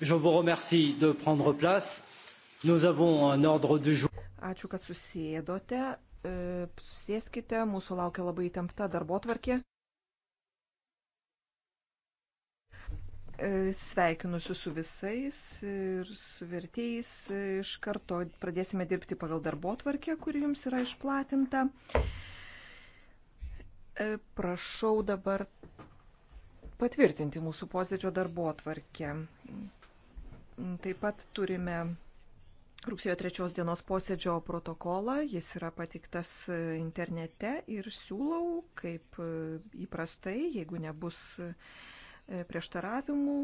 Je vous remercie de prendre place. Nous avons un ordre du jour. Ačiū, kad susėdote. E, susėskite, mūsų laukia labai įtempta darbo tvarkė. E, sveikinusiu su visais ir su vertėjais. Iš karto pradėsime dirbti pagal darbo tvarkę, kuri jums yra išplatinta. E, prašau dabar patvirtinti mūsų posėdžio darbo atvarkę. Taip pat turime rugsėjo trečios dienos posėdžio protokolą, jis yra patiktas e, internete ir siūlau, kaip e, įprastai, jeigu nebus e, prieštaravimų,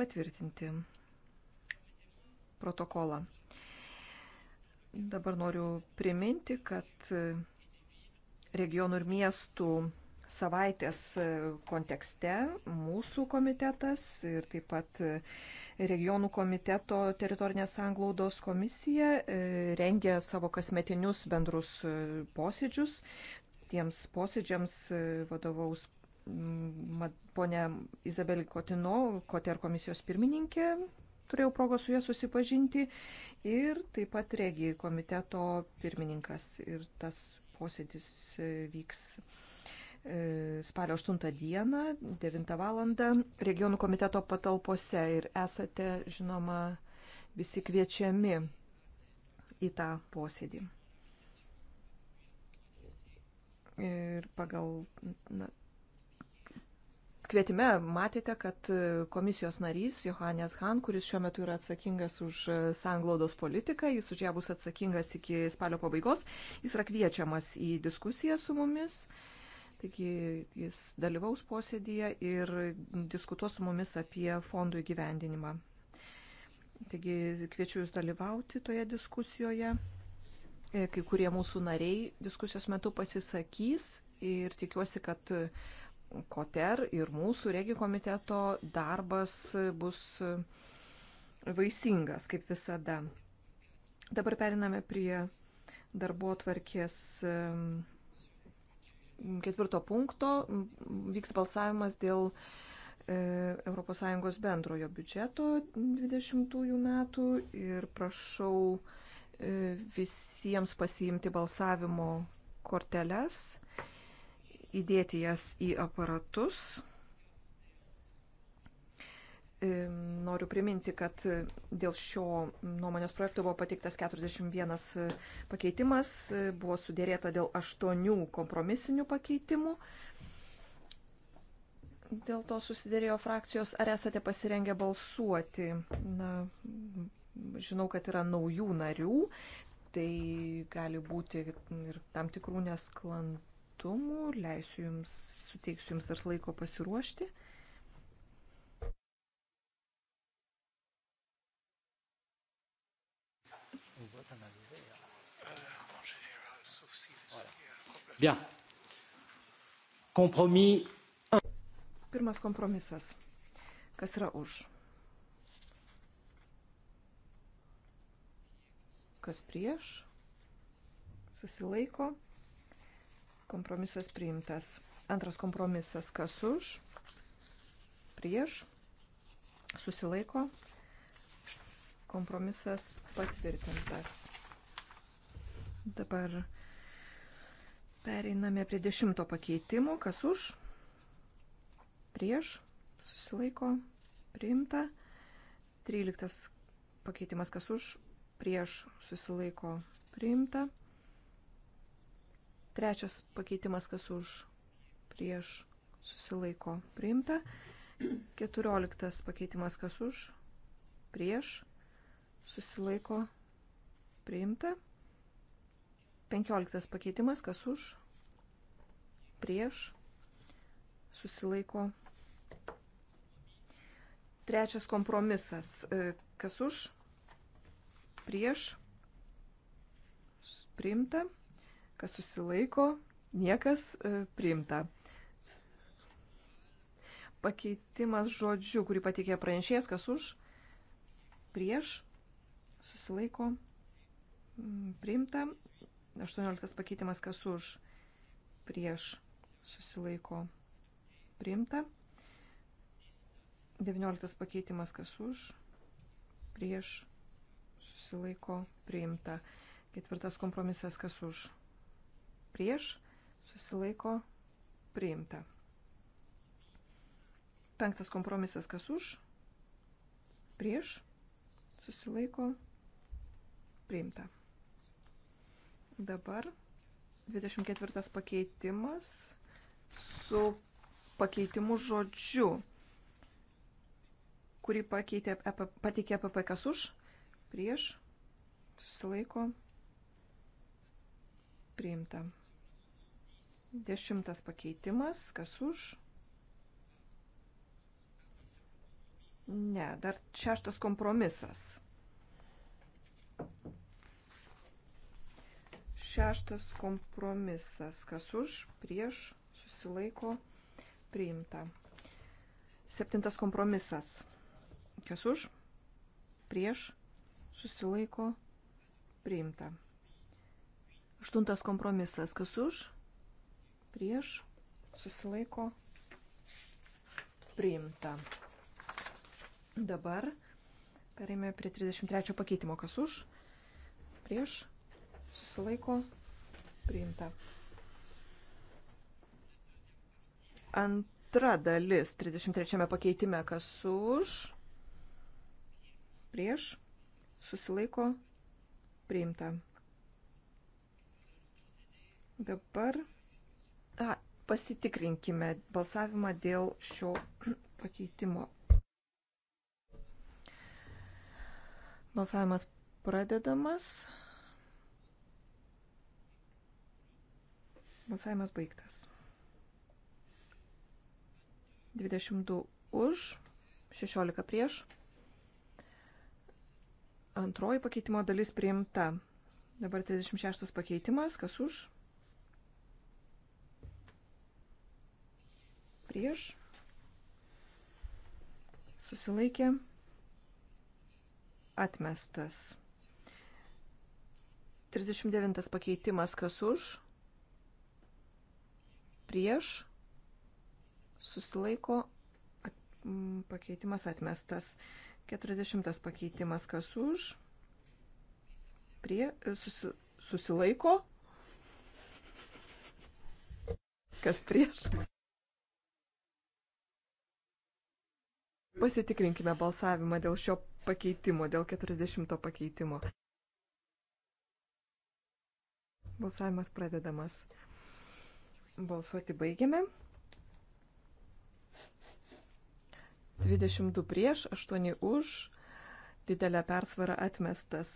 patvirtinti protokolą. Dabar noriu priminti, kad regionų ir miestų savaitės kontekste mūsų komitetas ir taip pat regionų komiteto teritorinės sanglaudos komisija e, rengia savo kasmetinius bendrus e, posėdžius. Tiems posėdžiams e, vadovaus ponė Izabelė Kotino, Koter komisijos pirmininkė, turėjau progos su juo susipažinti, ir taip pat regi komiteto pirmininkas. Ir tas posėdis vyks E, spalio 8 dieną, 9 val. regionų komiteto patalpose ir esate, žinoma, visi kviečiami į tą posėdį. Ir pagal na, kvietime matėte, kad komisijos narys Johannes Han, kuris šiuo metu yra atsakingas už sanglaudos politiką, jis už ją bus atsakingas iki spalio pabaigos, jis yra kviečiamas į diskusiją su mumis. Uh, Taigi jis dalyvaus posėdėje ir diskutuos su mumis apie fondų įgyvendinimą. Taigi kviečiu Jūs dalyvauti toje diskusijoje. E, kai kurie mūsų nariai diskusijos metu pasisakys ir tikiuosi, kad Koter ir mūsų regi komiteto darbas bus vaisingas, kaip visada. Dabar periname prie darbo tvarkės ketvirto punkto vyks balsavimas dėl ES bendrojo biudžeto 20 metų ir prašau e, visiems pasiimti balsavimo korteles, įdėti jas į aparatus. noriu priminti, kad dėl šio nuomonės projekto buvo pateiktas 41 pakeitimas, buvo sudėrėta dėl 8 kompromisinių pakeitimų. Dėl to susidėrėjo frakcijos, ar esate pasirengę balsuoti. Na, žinau, kad yra naujų narių, tai gali būti ir tam tikrų nesklandumų. Leisiu jums, suteiksiu jums dar laiko pasiruošti. Bien. Kompromis. Pirmas kompromisas. Kas yra už? Kas prieš? Susilaiko. Kompromisas priimtas. Antras kompromisas. Kas už? Prieš? Susilaiko. Kompromisas patvirtintas. Dabar Pereiname prie dešimto pakeitimo. Kas už? Prieš. Susilaiko. Priimta. Tryliktas pakeitimas. Kas už? Prieš. Susilaiko. Priimta. Trečias pakeitimas. Kas už? Prieš. Susilaiko. Priimta. Keturioliktas pakeitimas. Kas už? Prieš. Susilaiko. Priimta. 15 pakeitimas, kas už, prieš, susilaiko. Trečias kompromisas, e, kas už, prieš, priimta, kas susilaiko, niekas e, priimta. Pakeitimas žodžių, kurį patikė pranešėjas, kas už, prieš, susilaiko, priimta. 18 pakeitimas kas už prieš susilaiko priimta. 19 pakeitimas kas už prieš susilaiko priimta. Ketvirtas kompromisas kas už prieš susilaiko priimta. Penktas kompromisas kas už prieš susilaiko priimta. Dabar 24 pakeitimas su pakeitimu žodžiu, kurį pakeitė, e pateikė PP e kas už, prieš, susilaiko, priimta. Dešimtas pakeitimas, kas už. Ne, dar šeštas kompromisas. Šeštas kompromisas. Kas už, prieš, susilaiko, priimta. Septintas kompromisas. Kas už, prieš, susilaiko, priimta. Aštuntas kompromisas. Kas už, prieš, susilaiko, priimta. Dabar perėmė prie 33 pakeitimo. Kas už, prieš, susilaiko priimta. Antra dalis 33 pakeitime, kas už, prieš, susilaiko priimta. Dabar a, pasitikrinkime balsavimą dėl šio pakeitimo. Balsavimas pradedamas. Balsavimas baigtas. 22 už, 16 prieš. Antroji pakeitimo dalis priimta. Dabar 36 pakeitimas. Kas už? Prieš. Susilaikė. Atmestas. 39 pakeitimas. Kas už? prieš, susilaiko, pakeitimas atmestas. 40 pakeitimas kas už, prie, e, susi, susilaiko, kas prieš. Pasitikrinkime balsavimą dėl šio pakeitimo, dėl 40 pakeitimo. Balsavimas pradedamas. Balsuoti baigiame. 22 prieš, 8 už, didelė persvara atmestas.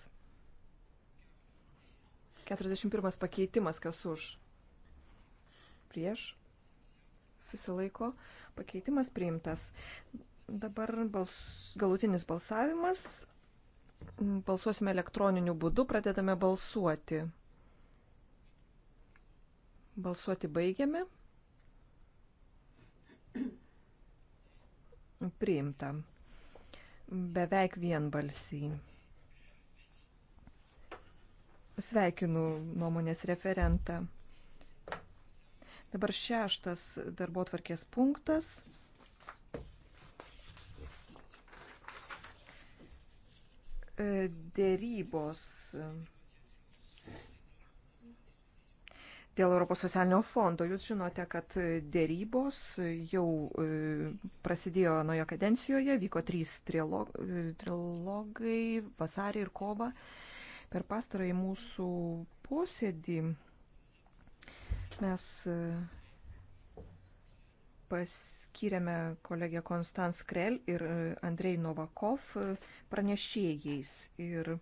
41 pakeitimas, kas už. Prieš. Susilaiko. Pakeitimas priimtas. Dabar bals, galutinis balsavimas. Balsuosime elektroniniu būdu, pradedame balsuoti. Balsuoti baigiame. Priimta. Beveik vienbalsiai. Sveikinu nuomonės referentą. Dabar šeštas darbo tvarkės punktas. Dėrybos. Dėrybos Dėl Europos socialinio fondo jūs žinote, kad dėrybos jau e, prasidėjo naujo kadencijoje, vyko trys e, trilogai vasarį ir kovą. Per pastarąjį mūsų posėdį mes e, paskyrėme kolegę Konstans Krell ir Andrei Novakov pranešėjais. Ir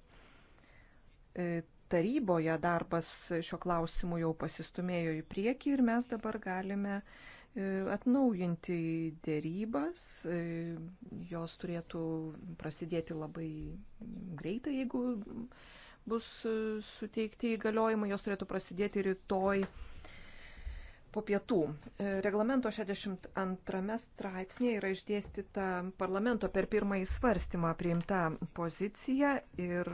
taryboje darbas šio klausimu jau pasistumėjo į priekį ir mes dabar galime e, atnaujinti dėrybas. E, jos turėtų prasidėti labai greitai, jeigu bus e, suteikti įgaliojimai. Jos turėtų prasidėti rytoj po pietų. Reglamento 62 straipsnėje yra išdėstyta parlamento per pirmąjį svarstymą priimta pozicija ir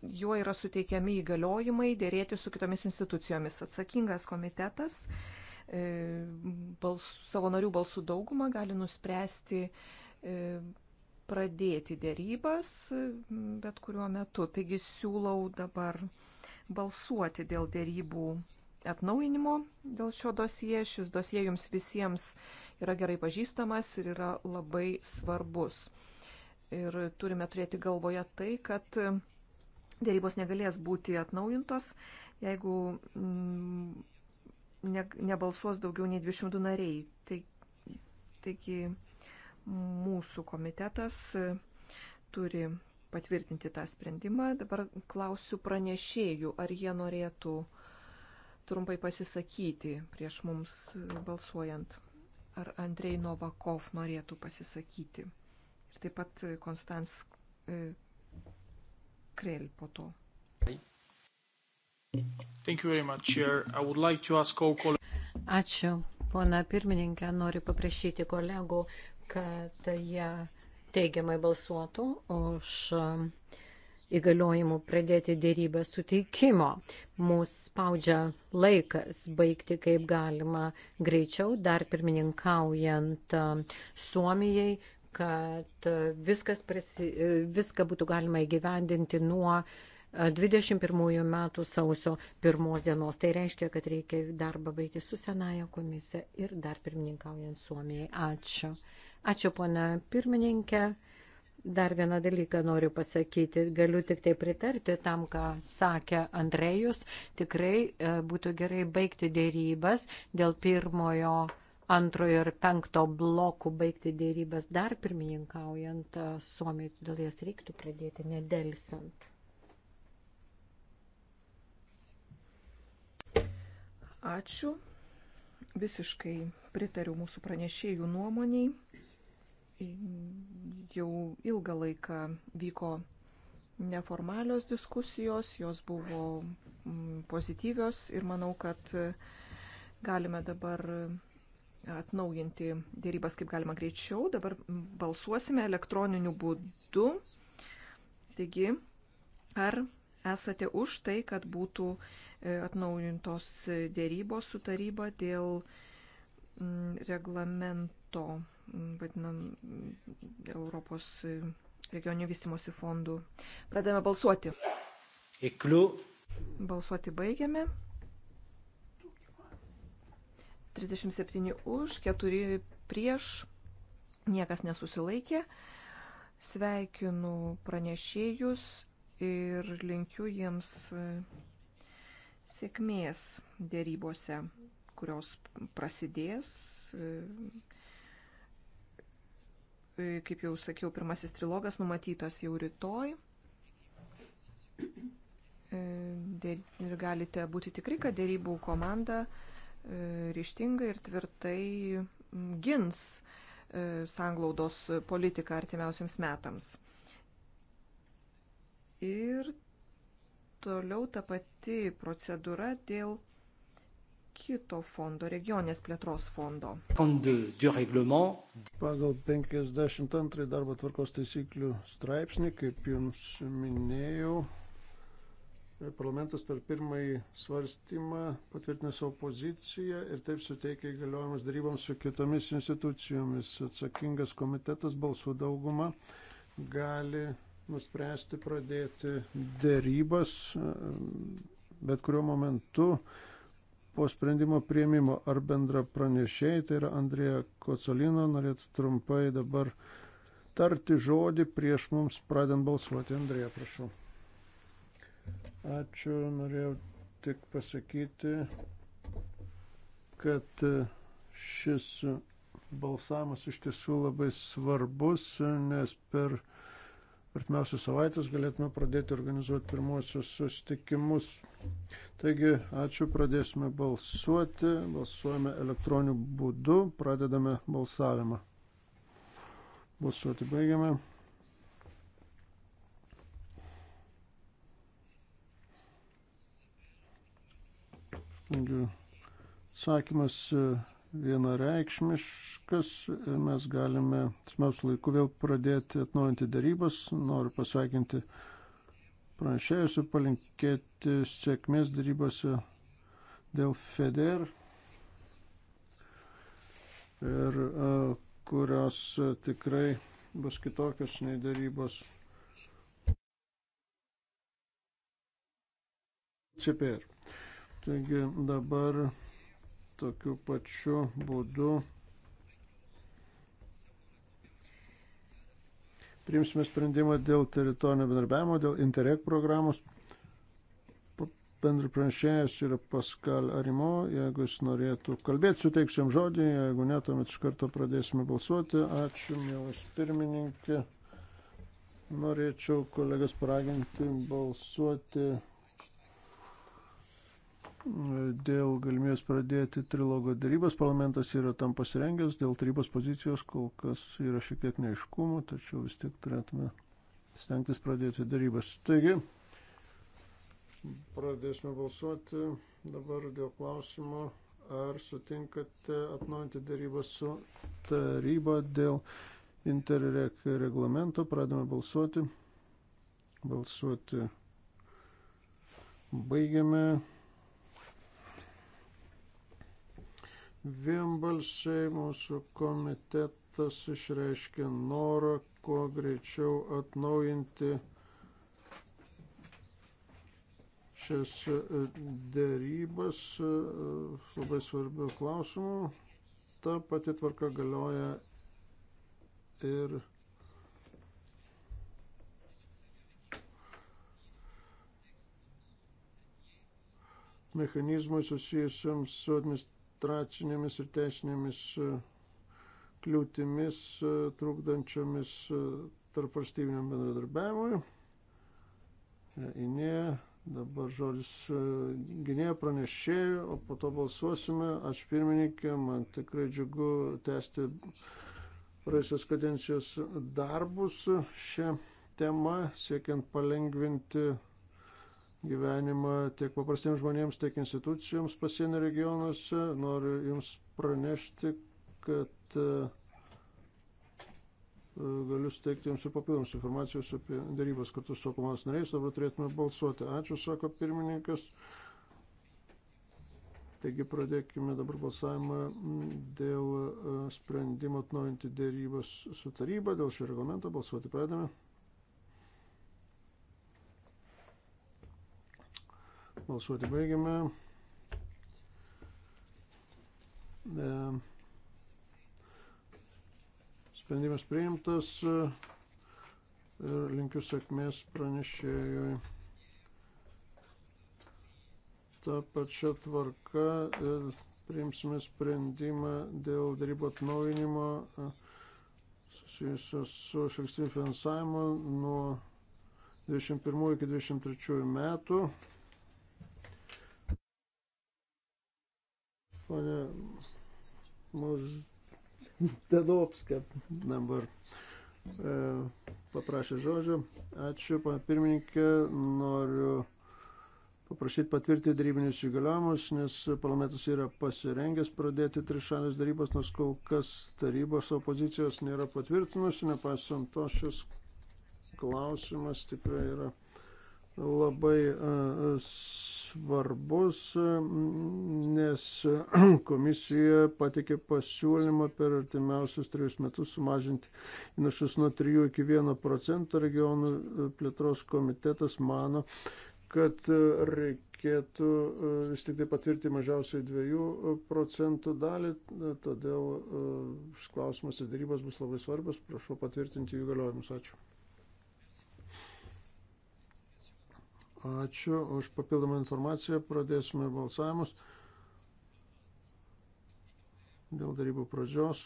juo yra suteikiami įgaliojimai dėrėti su kitomis institucijomis. Atsakingas komitetas e, balsų, savo narių balsų daugumą gali nuspręsti e, pradėti dėrybas e, bet kuriuo metu. Taigi siūlau dabar balsuoti dėl dėrybų atnaujinimo dėl šio dosie. Šis dosie jums visiems yra gerai pažįstamas ir yra labai svarbus. Ir turime turėti galvoje tai, kad Dėrybos negalės būti atnaujintos, jeigu mm, ne, nebalsuos daugiau nei 200 nariai. Tai, taigi mūsų komitetas e, turi patvirtinti tą sprendimą. Dabar klausiu pranešėjų, ar jie norėtų trumpai pasisakyti prieš mums balsuojant. Ar Andrei Novakov norėtų pasisakyti. Ir taip pat Konstans e, Krell po to. Ačiū, pona pirmininkė, noriu paprašyti kolegų, kad jie teigiamai balsuotų už um, įgaliojimų pradėti dėrybę suteikimo. Mūsų spaudžia laikas baigti kaip galima greičiau, dar pirmininkaujant um, Suomijai, kad viskas prasi, viską būtų galima įgyvendinti nuo 21 metų sausio pirmos dienos. Tai reiškia, kad reikia darbą baigti su senaja komisija ir dar pirmininkaujant Suomijai. Ačiū. Ačiū, pona pirmininkė. Dar vieną dalyką noriu pasakyti. Galiu tik tai pritarti tam, ką sakė Andrejus. Tikrai e, būtų gerai baigti dėrybas dėl pirmojo antrojo ir penkto blokų baigti dėrybas dar pirmininkaujant Suomijai, todėl jas reiktų pradėti nedelsant. Ačiū. Visiškai pritariu mūsų pranešėjų nuomoniai. Jau ilgą laiką vyko neformalios diskusijos, jos buvo mm, pozityvios ir manau, kad galime dabar atnaujinti dėrybas kaip galima greičiau. Dabar balsuosime elektroniniu būdu. Taigi, ar esate už tai, kad būtų e, atnaujintos dėrybos su taryba dėl mm, reglamento, mm, vadinam, Europos e, regioninių vystimosi fondų. Pradėjome balsuoti. Įkliu. Balsuoti baigiame. 37 už, 4 prieš, niekas nesusilaikė. Sveikinu pranešėjus ir linkiu jiems e, sėkmės dėrybose, kurios prasidės. E, e, kaip jau sakiau, pirmasis trilogas numatytas jau rytoj. Ir galite būti tikri, kad dėrybų komanda ryštingai ir tvirtai gins e, sanglaudos politiką artimiausiams metams. Ir toliau ta pati procedūra dėl kito fondo, regionės plėtros fondo. Pagal 52 darbo tvarkos taisyklių straipsnį, kaip jums minėjau, parlamentas per pirmąjį svarstymą patvirtino savo poziciją ir taip suteikė įgaliojimus daryboms su kitomis institucijomis. Atsakingas komitetas balsų dauguma gali nuspręsti pradėti dėrybas bet kuriuo momentu po sprendimo prieimimo ar bendra pranešėjai, tai yra Andrija Kocolino, norėtų trumpai dabar tarti žodį prieš mums pradant balsuoti. Andrija, prašau. Ačiū, norėjau tik pasakyti, kad e, šis balsavimas iš tiesų labai svarbus, nes per artimiausias savaitės galėtume pradėti organizuoti pirmosius susitikimus. Taigi, ačiū, pradėsime balsuoti, balsuojame elektroniniu būdu, pradedame balsavimą. Balsuoti baigiame. Taigi, atsakymas e, vienareikšmiškas ir e, mes galime artimiausiu laiku vėl pradėti atnaujinti darybas. Noriu pasveikinti pranešėjus ir palinkėti sėkmės darybose dėl FEDER ir e, kurios tikrai bus kitokios nei darybos CPR. Taigi dabar tokiu pačiu būdu priimsime sprendimą dėl teritorinio bendarbiavimo, dėl Interreg programos. Bendra pranešėjas yra Paskal Arimo, jeigu jis norėtų kalbėti, suteiksiu jam žodį, jeigu ne, tuomet iš karto pradėsime balsuoti. Ačiū, mielas pirmininkė. Norėčiau kolegas paraginti balsuoti dėl galimybės pradėti trilogo darybas. Parlamentas yra tam pasirengęs, dėl tarybos pozicijos kol kas yra šiek tiek neiškumų, tačiau vis tiek turėtume stengtis pradėti darybas. Taigi, pradėsime balsuoti dabar dėl klausimo, ar sutinkate atnaujinti darybas su taryba dėl interreg reglamento. Pradėme balsuoti. Balsuoti. Baigiame. vienbalsiai mūsų komitetas išreiškė norą kuo greičiau atnaujinti šias e, dėrybas e, labai svarbių klausimų. Ta pati tvarka galioja ir mechanizmui susijusiam su administracija administracinėmis ir teisinėmis e, kliūtimis e, trukdančiomis e, tarp valstybiniam bendradarbiavimui. Inėja, dabar žodis gynėjo pranešėjų, o po to balsuosime. Aš pirmininkė, man tikrai džiugu tęsti praėjusios kadencijos darbus šią temą, siekiant palengvinti gyvenimą tiek paprastiems žmonėms, tiek institucijoms pasienio regionuose. Noriu Jums pranešti, kad e, galiu steigti Jums ir papildomus informacijos apie darybas kartu su komandos nariais. Dabar turėtume balsuoti. Ačiū, sako pirmininkas. Taigi pradėkime dabar balsavimą dėl e, sprendimo atnaujinti dėrybas su taryba, dėl šio reglamento balsuoti pradame. Balsuoti baigiame. E, sprendimas priimtas ir e, linkiu sėkmės pranešėjui. Ta pačia tvarka e, priimsime sprendimą dėl darybo atnaujinimo susijusio su šalstiniu finansavimu nuo 21 iki 23 metų. Pone Moždanovska dabar e, paprašė žodžio. Ačiū, pana pirmininkė, noriu paprašyti patvirtinti darybinius įgaliojimus, nes parlamentas yra pasirengęs pradėti trišalės darybas, nors kol kas tarybos opozicijos nėra patvirtinusi, nepaisant to šis klausimas tikrai yra labai svarbus, nes komisija patikė pasiūlymą per artimiausius trejus metus sumažinti įnašus nuo 3 iki 1 procento. Regionų plėtros komitetas mano, kad reikėtų vis tik tai patvirti mažiausiai 2 procentų dalį, todėl šis klausimas ir darybos bus labai svarbios. Prašau patvirtinti jų galiojimus. Ačiū. Ačiū už papildomą informaciją. Pradėsime balsavimus dėl darybų pradžios.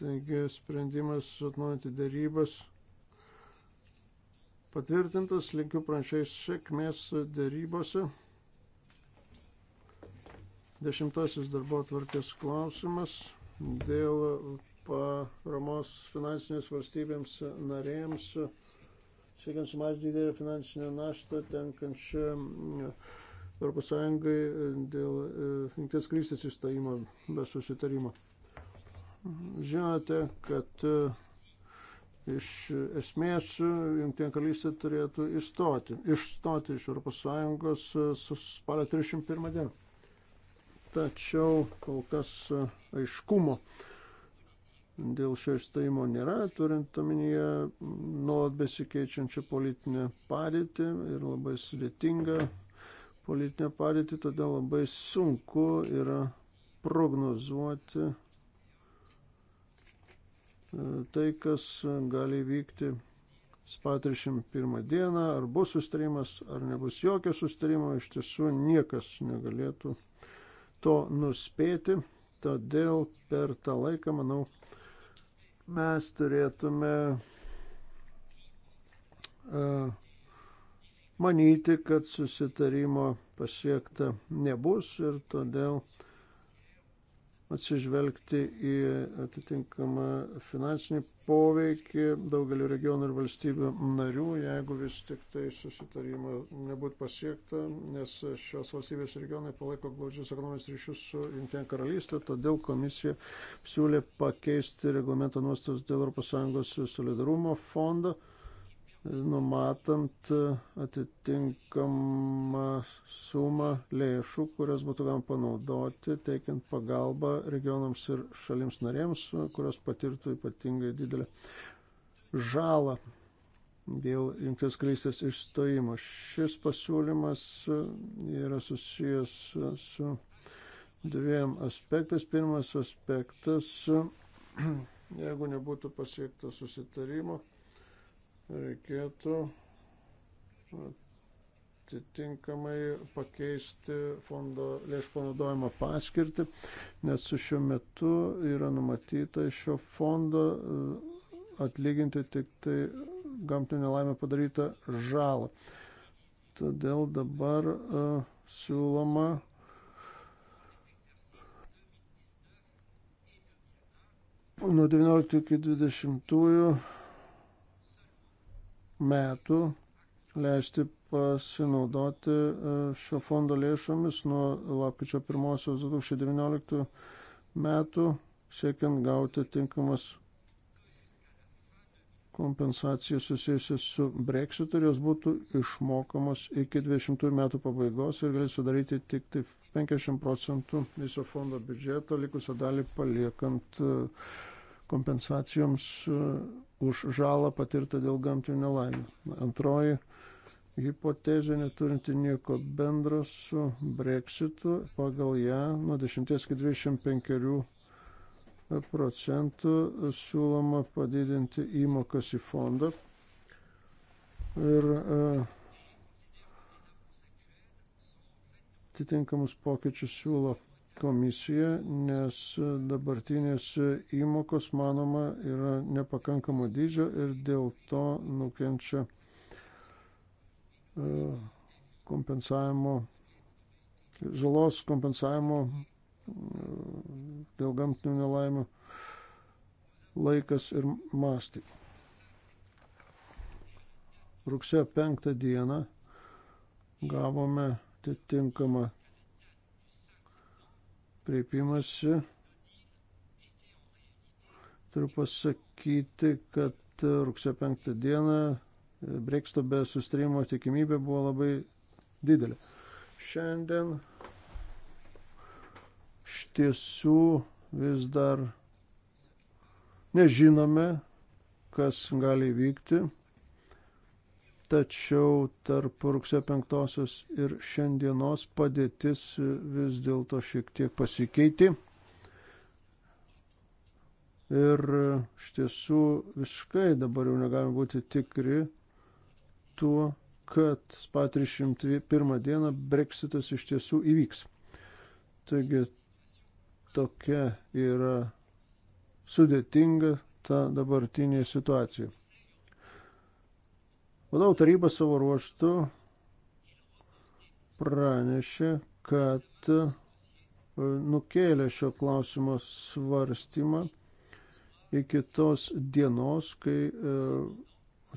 Taigi sprendimas atnaujinti darybas patvirtintas, linkiu pranšiais sėkmės darybose. Dešimtasis darbo atvarkės klausimas dėl paramos finansinės valstybėms narėms, siekiant sumažinti didelę finansinę naštą tenkančią Europos Sąjungai dėl e, Junktinės krystės įstojimo be susitarimo. Žinote, kad e, iš esmės Junktinė karalystė turėtų įstoti, išstoti iš Europos Sąjungos e, spalio 31 dieną tačiau kol kas e, aiškumo dėl šio išstojimo nėra, turint omenyje nuolat besikeičiančią politinę padėtį ir labai sudėtingą politinę padėtį, todėl labai sunku yra prognozuoti e, tai, kas gali vykti spalio 31 dieną, ar bus sustarimas, ar nebus jokio sustarimo, iš tiesų niekas negalėtų to nuspėti, todėl per tą laiką, manau, mes turėtume e, manyti, kad susitarimo pasiekta nebus ir todėl atsižvelgti į atitinkamą finansinį poveikį daugeliu regionų ir valstybių narių, jeigu vis tik tai susitarimo nebūtų pasiekta, nes šios valstybės regionai palaiko glaudžius ekonominius ryšius su Junktinė karalystė, todėl komisija siūlė pakeisti reglamento nuostatus dėl ES solidarumo fondo numatant e, atitinkamą sumą lėšų, kurias būtų galima panaudoti, teikiant pagalbą regionams ir šalims narėms, kurios patirtų ypatingai didelę žalą dėl Junktinės karalystės išstojimo. Šis pasiūlymas e, yra susijęs su dviem aspektais. Pirmas aspektas, e, jeigu nebūtų pasiektas susitarimo, reikėtų atitinkamai pakeisti fondo lėšų panaudojimo paskirtį, nes šiuo metu yra numatyta šio fondo e, atlyginti tik tai gamtinio nelaimę padarytą žalą. Todėl dabar uh, siūloma nuo 19 iki 20 metų leisti pasinaudoti e, šio fondo lėšomis nuo lapkričio 1.2019 metų, siekiant gauti tinkamas kompensacijas susijusias su breksitu ir jos būtų išmokamos iki 20 metų pabaigos ir galės sudaryti tik tai 50 procentų viso fondo biudžeto, likusią dalį paliekant uh, kompensacijoms e, už žalą patirtą dėl gamtinių nelaimių. Antroji hipotezė neturinti nieko bendro su breksitu, pagal ją nuo 10 iki 25 procentų siūloma padidinti įmokas į fondą. Ir e, atitinkamus pokyčius siūlo komisija, nes dabartinės įmokos, manoma, yra nepakankamo dydžio ir dėl to nukenčia e, kompensavimo, žalos kompensavimo e, dėl gamtinių nelaimių laikas ir mastai. Rugsėjo penktą dieną gavome atitinkamą kreipimasi. Turiu pasakyti, kad rugsėjo 5 dieną Breksto be sustarimo tikimybė buvo labai didelė. Šiandien iš tiesų vis dar nežinome, kas gali vykti tačiau tarp rugsėjo 5 ir šiandienos padėtis vis dėlto šiek tiek pasikeitė. Ir iš tiesų visiškai dabar jau negalime būti tikri tuo, kad spalio 301 dieną breksitas iš tiesų įvyks. Taigi tokia yra sudėtinga ta dabartinė situacija. Vadovų taryba savo ruoštų pranešė, kad e, nukėlė šio klausimo svarstymą iki tos dienos, kai e,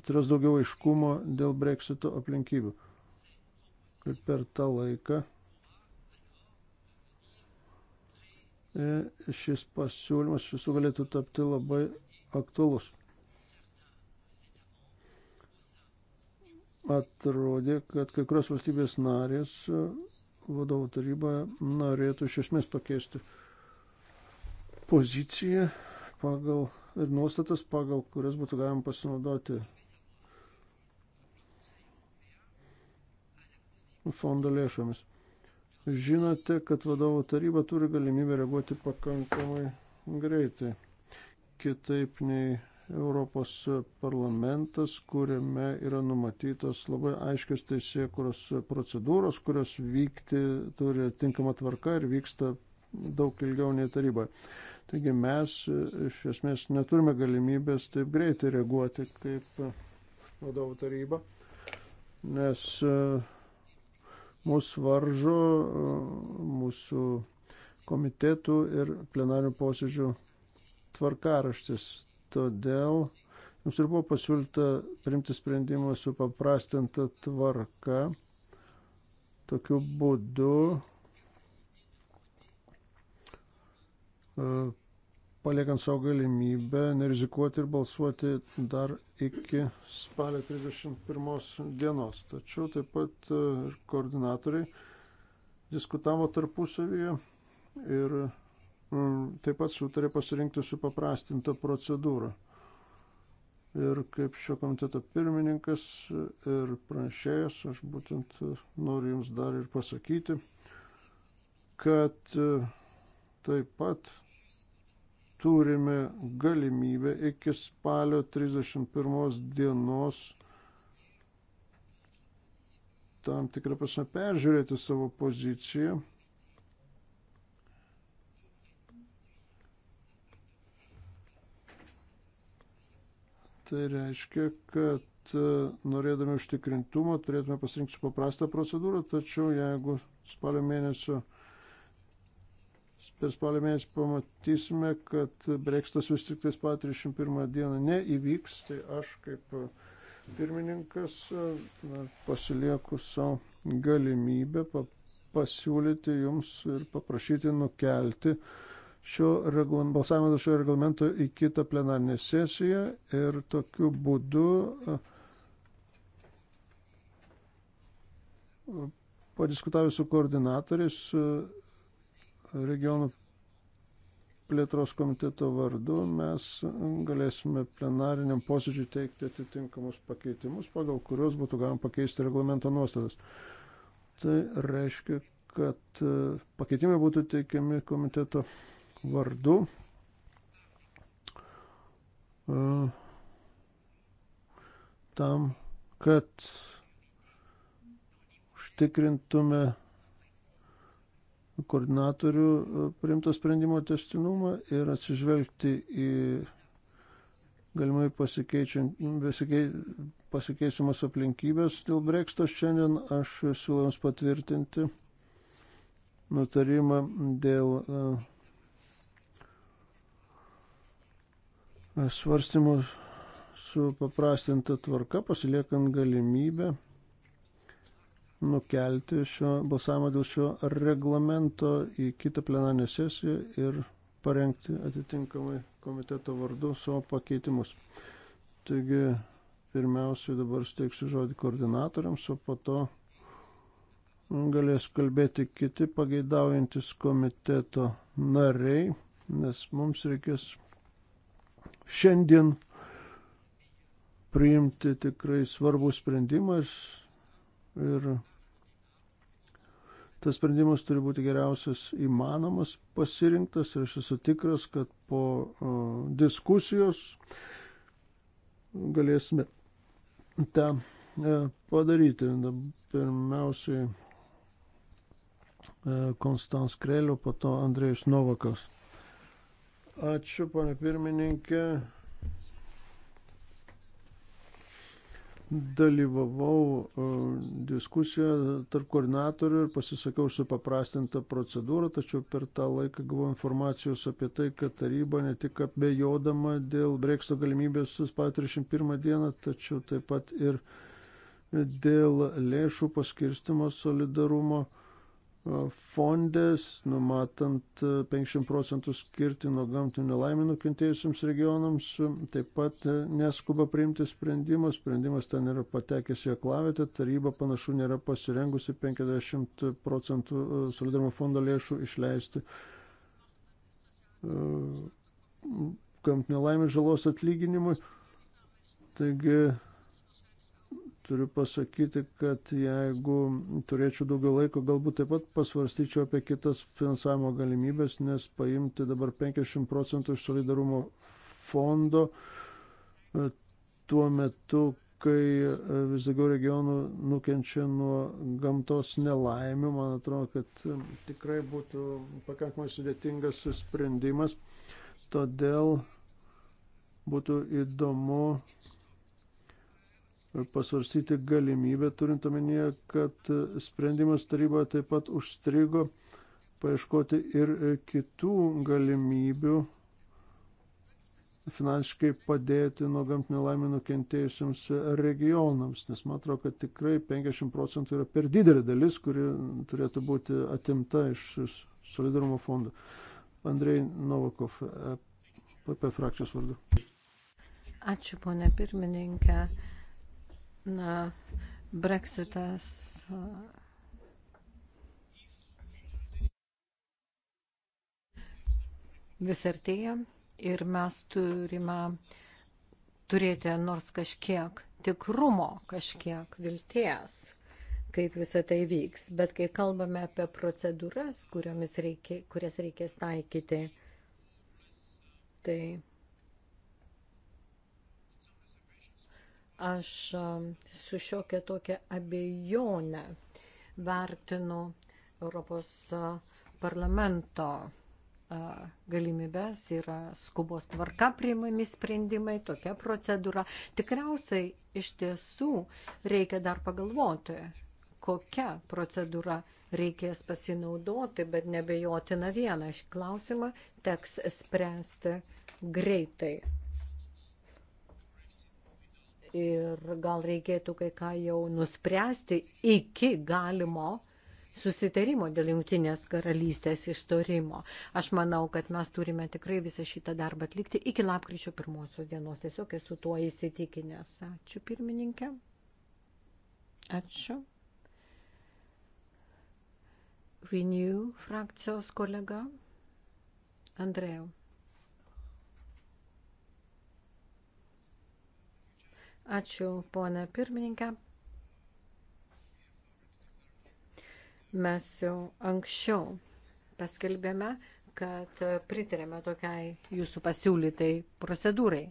atsiras daugiau aiškumo dėl breksito aplinkybių. Ir per tą laiką e, šis pasiūlymas iš visų galėtų tapti labai aktualus. atrodė, kad kai kurios valstybės narės e, vadovų taryba norėtų iš esmės pakeisti poziciją pagal ir nuostatas, pagal kurias būtų galima pasinaudoti fondo lėšomis. Žinote, kad vadovų taryba turi galimybę reaguoti pakankamai greitai, kitaip nei Europos parlamentas, kuriame yra numatytos labai aiškios teisėkuros procedūros, kurios vykti turi tinkamą tvarką ir vyksta daug ilgiau nei taryboje. Taigi mes iš esmės neturime galimybės taip greitai reaguoti kaip vadovų taryba, nes e, mūsų varžo, e, mūsų komitetų ir plenarių posėdžių tvarkaraštis. Todėl jums ir buvo pasiūlyta priimti sprendimą su paprastinta tvarka. Tokiu būdu e, paliekant savo galimybę nerizikuoti ir balsuoti dar iki spalio 31 dienos. Tačiau taip pat ir e, koordinatoriai diskutavo tarpusavyje ir Mm, taip pat sutarė pasirinkti supaprastintą procedūrą. Ir kaip šio komiteto pirmininkas ir pranešėjas, aš būtent noriu Jums dar ir pasakyti, kad e, taip pat turime galimybę iki spalio 31 dienos tam tikrą prasme peržiūrėti savo poziciją Tai reiškia, kad e, norėdami užtikrintumo turėtume pasirinkti paprastą procedūrą, tačiau jeigu spalio mėnesio per spalio mėnesį pamatysime, kad breksitas vis tik tai spalio 31 dieną neįvyks, tai aš kaip e, pirmininkas e, pasilieku savo galimybę pasiūlyti jums ir paprašyti nukelti uh, šio reglam, balsavimą dėl šio reglamento į kitą plenarinę sesiją ir tokiu būdu e, padiskutavęs su koordinatoriais e, regionų plėtros komiteto vardu mes galėsime plenariniam posėdžiui teikti atitinkamus pakeitimus, pagal kuriuos būtų galima pakeisti reglamento nuostatas. Tai reiškia, kad e, pakeitimai būtų teikiami komiteto vardu. E, tam, kad užtikrintume koordinatorių e, priimto sprendimo testinumą ir atsižvelgti į galimai pasikeisimas aplinkybės dėl brekstos. Šiandien aš siūlau Jums patvirtinti nutarimą dėl uh, svarstymų su paprastinta tvarka, pasiliekant galimybę nukelti šio balsavimą dėl šio reglamento į kitą plenarinę sesiją ir parengti atitinkamai komiteto vardu savo pakeitimus. Taigi, pirmiausiai dabar steiksiu žodį koordinatoriams, o po to galės kalbėti kiti pageidaujantis komiteto nariai, nes mums reikės šiandien priimti tikrai svarbų sprendimą ir tas sprendimas turi būti geriausias įmanomas pasirinktas ir aš esu tikras, kad po diskusijos galėsime tą e, padaryti. Pirmiausiai e, Konstans Krelio, po to Andrėjus Novakas. Ačiū, pane pirmininkė. Dalyvavau e, diskusijoje tarp koordinatorių ir pasisakiau su paprastinta procedūra, tačiau per tą laiką gavau informacijos apie tai, kad taryba ne tik abejodama dėl breksito galimybės spalio 31 dieną, tačiau taip pat ir dėl lėšų paskirstimo solidarumo fondės, numatant 50 e, procentų skirti nuo gamtinių nelaimį nukentėjusiems regionams, taip pat e, neskuba priimti sprendimo, sprendimas ten yra patekęs į aklavietę, taryba panašu nėra pasirengusi 50 procentų e, solidarumo fondo lėšų išleisti gamtinio laimės žalos atlyginimui. Taigi turiu pasakyti, kad jeigu turėčiau daugiau laiko, galbūt taip pat pasvarstyčiau apie kitas finansavimo galimybės, nes paimti dabar 50 procentų iš solidarumo fondo e, tuo metu, kai e, vis daugiau regionų nukenčia nuo gamtos nelaimių, man atrodo, kad e, tikrai būtų pakankamai sudėtingas sprendimas. Todėl būtų įdomu pasvarstyti galimybę, turint omenyje, kad sprendimas taryboje taip pat užstrigo, paieškoti ir kitų galimybių finansiškai padėti nuo gamtinio laimė nukentėjusiems regionams, nes man atrodo, kad tikrai 50 procentų yra per didelė dalis, kuri turėtų būti atimta iš solidarumo fondo. Andrei Novakov, PP frakcijos vardu. Ačiū, ponė pirmininkė na, Brexitas. Vis artėja ir mes turime turėti nors kažkiek tikrumo, kažkiek vilties, kaip visą tai vyks. Bet kai kalbame apie procedūras, reikia, kurias reikės taikyti, tai Aš su šiokia tokia abejonė vertinu Europos parlamento galimybės, yra skubos tvarka priimami sprendimai, tokia procedūra. Tikriausiai iš tiesų reikia dar pagalvoti, kokia procedūra reikės pasinaudoti, bet nebejotina vieną šį klausimą teks spręsti greitai ir gal reikėtų kai ką jau nuspręsti iki galimo susitarimo dėl jungtinės karalystės išstorimo. Aš manau, kad mes turime tikrai visą šitą darbą atlikti iki lapkričio pirmosios dienos. Tiesiog esu tuo įsitikinęs. Ačiū pirmininkė. Ačiū. Renew frakcijos kolega Andrėjau. Ačiū, ponė pirmininkė. Mes jau anksčiau paskelbėme, kad pritarėme tokiai jūsų pasiūlytai procedūrai.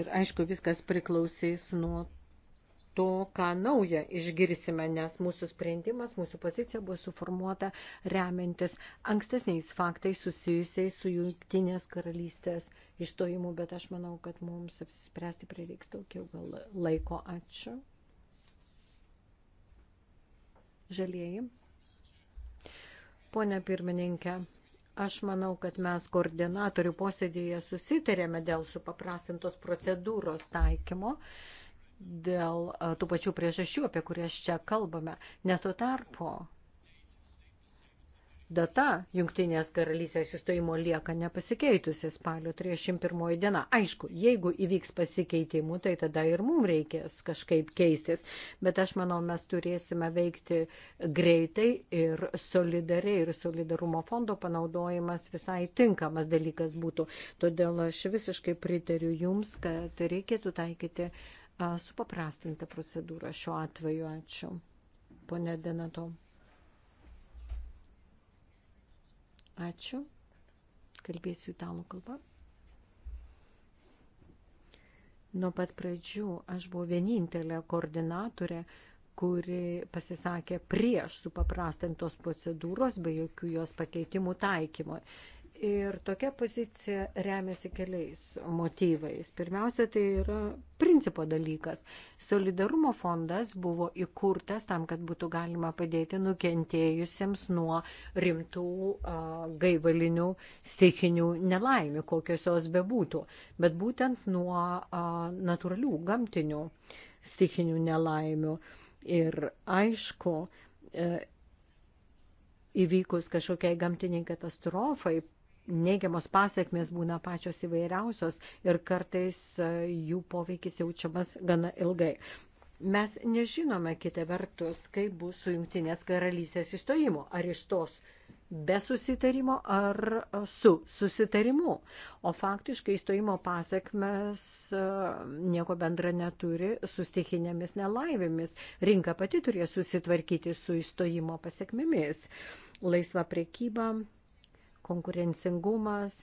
Ir aišku, viskas priklausys nuo to, ką naują išgirsime, nes mūsų sprendimas, mūsų pozicija buvo suformuota remiantis ankstesniais faktais susijusiais su jungtinės karalystės išstojimu, bet aš manau, kad mums apsispręsti prireiks daugiau gal laiko. Ačiū. Žalieji. Pone pirmininkė, Aš manau, kad mes koordinatorių posėdėje susitarėme dėl supaprastintos procedūros taikymo dėl e, tų pačių priežasčių, apie kurias čia kalbame. Nes tuo tarpu data Junktinės karalystės įstojimo lieka nepasikeitusi spalio 31 diena. Aišku, jeigu įvyks pasikeitimų, tai tada ir mums reikės kažkaip keistis, bet aš manau, mes turėsime veikti greitai ir solidariai ir solidarumo fondo panaudojimas visai tinkamas dalykas būtų. Todėl aš visiškai pritariu Jums, kad reikėtų taikyti uh, supaprastinta procedūra šiuo atveju. Ačiū. Pone Denato. Ačiū. Kalbėsiu italų kalbą. Nuo pat pradžių aš buvau vienintelė koordinatorė, kuri pasisakė prieš supaprastintos procedūros be jokių jos pakeitimų taikymo. Ir tokia pozicija remiasi keliais motyvais. Pirmiausia, tai yra principo dalykas. Solidarumo fondas buvo įkurtas tam, kad būtų galima padėti nukentėjusiems nuo rimtų a, gaivalinių stichinių nelaimių, kokios jos bebūtų, bet būtent nuo a, natūralių gamtinių stichinių nelaimių. Ir aišku, e, įvykus kažkokiai gamtiniai katastrofai, neigiamos pasiekmės būna pačios įvairiausios ir kartais e, jų poveikis jaučiamas gana ilgai. Mes nežinome kitą vertus, kaip bus su jungtinės karalystės įstojimu, ar išstos be susitarimo ar e, su susitarimu. O faktiškai įstojimo pasiekmes e, nieko bendra neturi su stichinėmis nelaimėmis. Rinka pati turės susitvarkyti su įstojimo pasiekmėmis. Laisva priekyba konkurencingumas,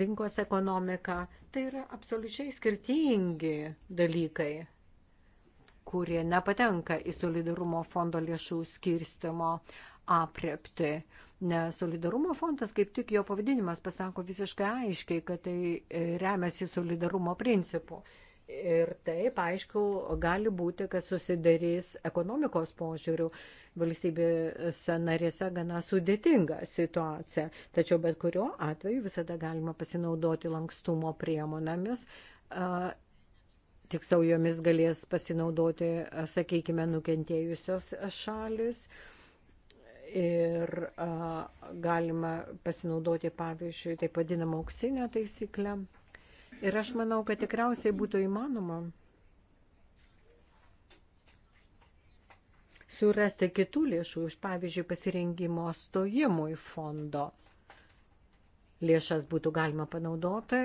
rinkos ekonomika. Tai yra absoliučiai skirtingi dalykai, kurie nepatenka į solidarumo fondo lėšų skirstimo aprepti. Nes solidarumo fondas, kaip tik jo pavadinimas pasako visiškai aiškiai, kad tai remiasi solidarumo principu. Ir taip, aišku, gali būti, kad susidarys ekonomikos požiūrių valstybėse narėse gana sudėtinga situacija. Tačiau bet kurio atveju visada galima pasinaudoti lankstumo priemonėmis. Tiksliau jomis galės pasinaudoti, sakykime, nukentėjusios šalis. Ir a, galima pasinaudoti, pavyzdžiui, taip vadinamą auksinę taisyklę Ir aš manau, kad tikriausiai būtų įmanoma surasti kitų lėšų, pavyzdžiui, pasirengimo stojimui fondo lėšas būtų galima panaudoti,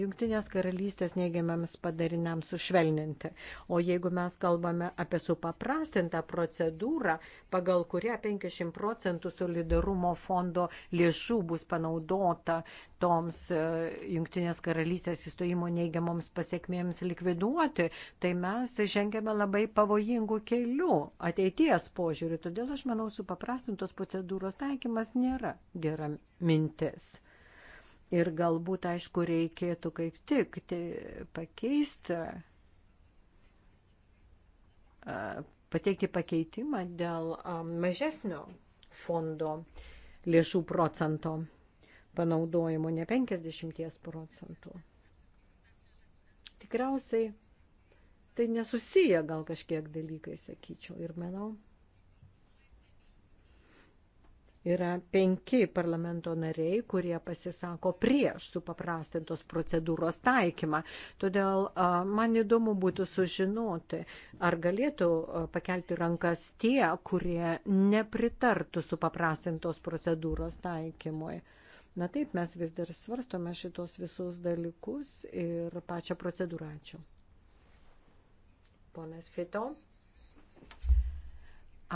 jungtinės karalystės neigiamiams padariniams sušvelninti. O jeigu mes kalbame apie supaprastintą procedūrą, pagal kurią 50 procentų solidarumo fondo lėšų bus panaudota toms jungtinės karalystės įstojimo neigiamoms pasiekmėms likviduoti, tai mes žengėme labai pavojingų kelių ateities požiūrių. Todėl aš manau, supaprastintos procedūros taikymas nėra gera mintis. Ir galbūt, aišku, reikėtų kaip tik pakeisti, pateikti pakeitimą dėl mažesnio fondo lėšų procento panaudojimo, ne 50 procentų. Tikriausiai tai nesusiję gal kažkiek dalykai, sakyčiau. Ir manau, yra penki parlamento nariai, kurie pasisako prieš supaprastintos procedūros taikymą. Todėl man įdomu būtų sužinoti, ar galėtų pakelti rankas tie, kurie nepritartų supaprastintos procedūros taikymui. Na taip, mes vis dar svarstome šitos visus dalykus ir pačią procedūrą. Ačiū. Ponas Fito.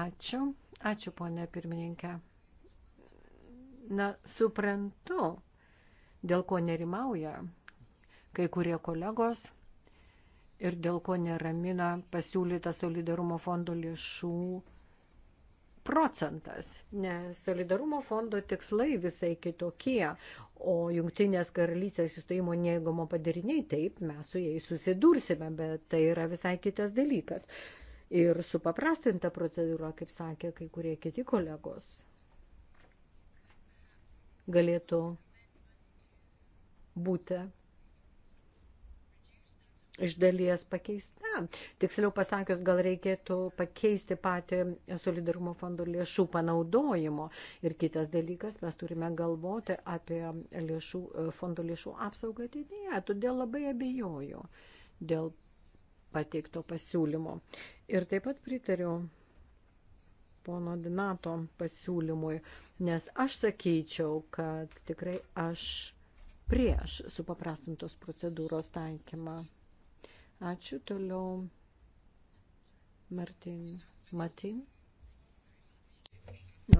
Ačiū. Ačiū, ponė pirmininkė. Na, suprantu, dėl ko nerimauja kai kurie kolegos ir dėl ko neramina pasiūlyta solidarumo fondo lėšų procentas, nes solidarumo fondo tikslai visai kitokie, o jungtinės karalystės įstojimo neįgomo padariniai, taip, mes su jais susidursime, bet tai yra visai kitas dalykas. Ir supaprastinta procedūra, kaip sakė kai kurie kiti kolegos galėtų būti iš dalies pakeista. Tiksliau pasakius, gal reikėtų pakeisti patį solidarumo fondo lėšų panaudojimo. Ir kitas dalykas, mes turime galvoti apie lėšų, fondo lėšų apsaugą ateityje. Todėl labai abejoju dėl pateikto pasiūlymo. Ir taip pat pritariu pono Dinato pasiūlymui, nes aš sakyčiau, kad tikrai aš prieš supaprastintos procedūros taikymą. Ačiū toliau. Martin. Martin.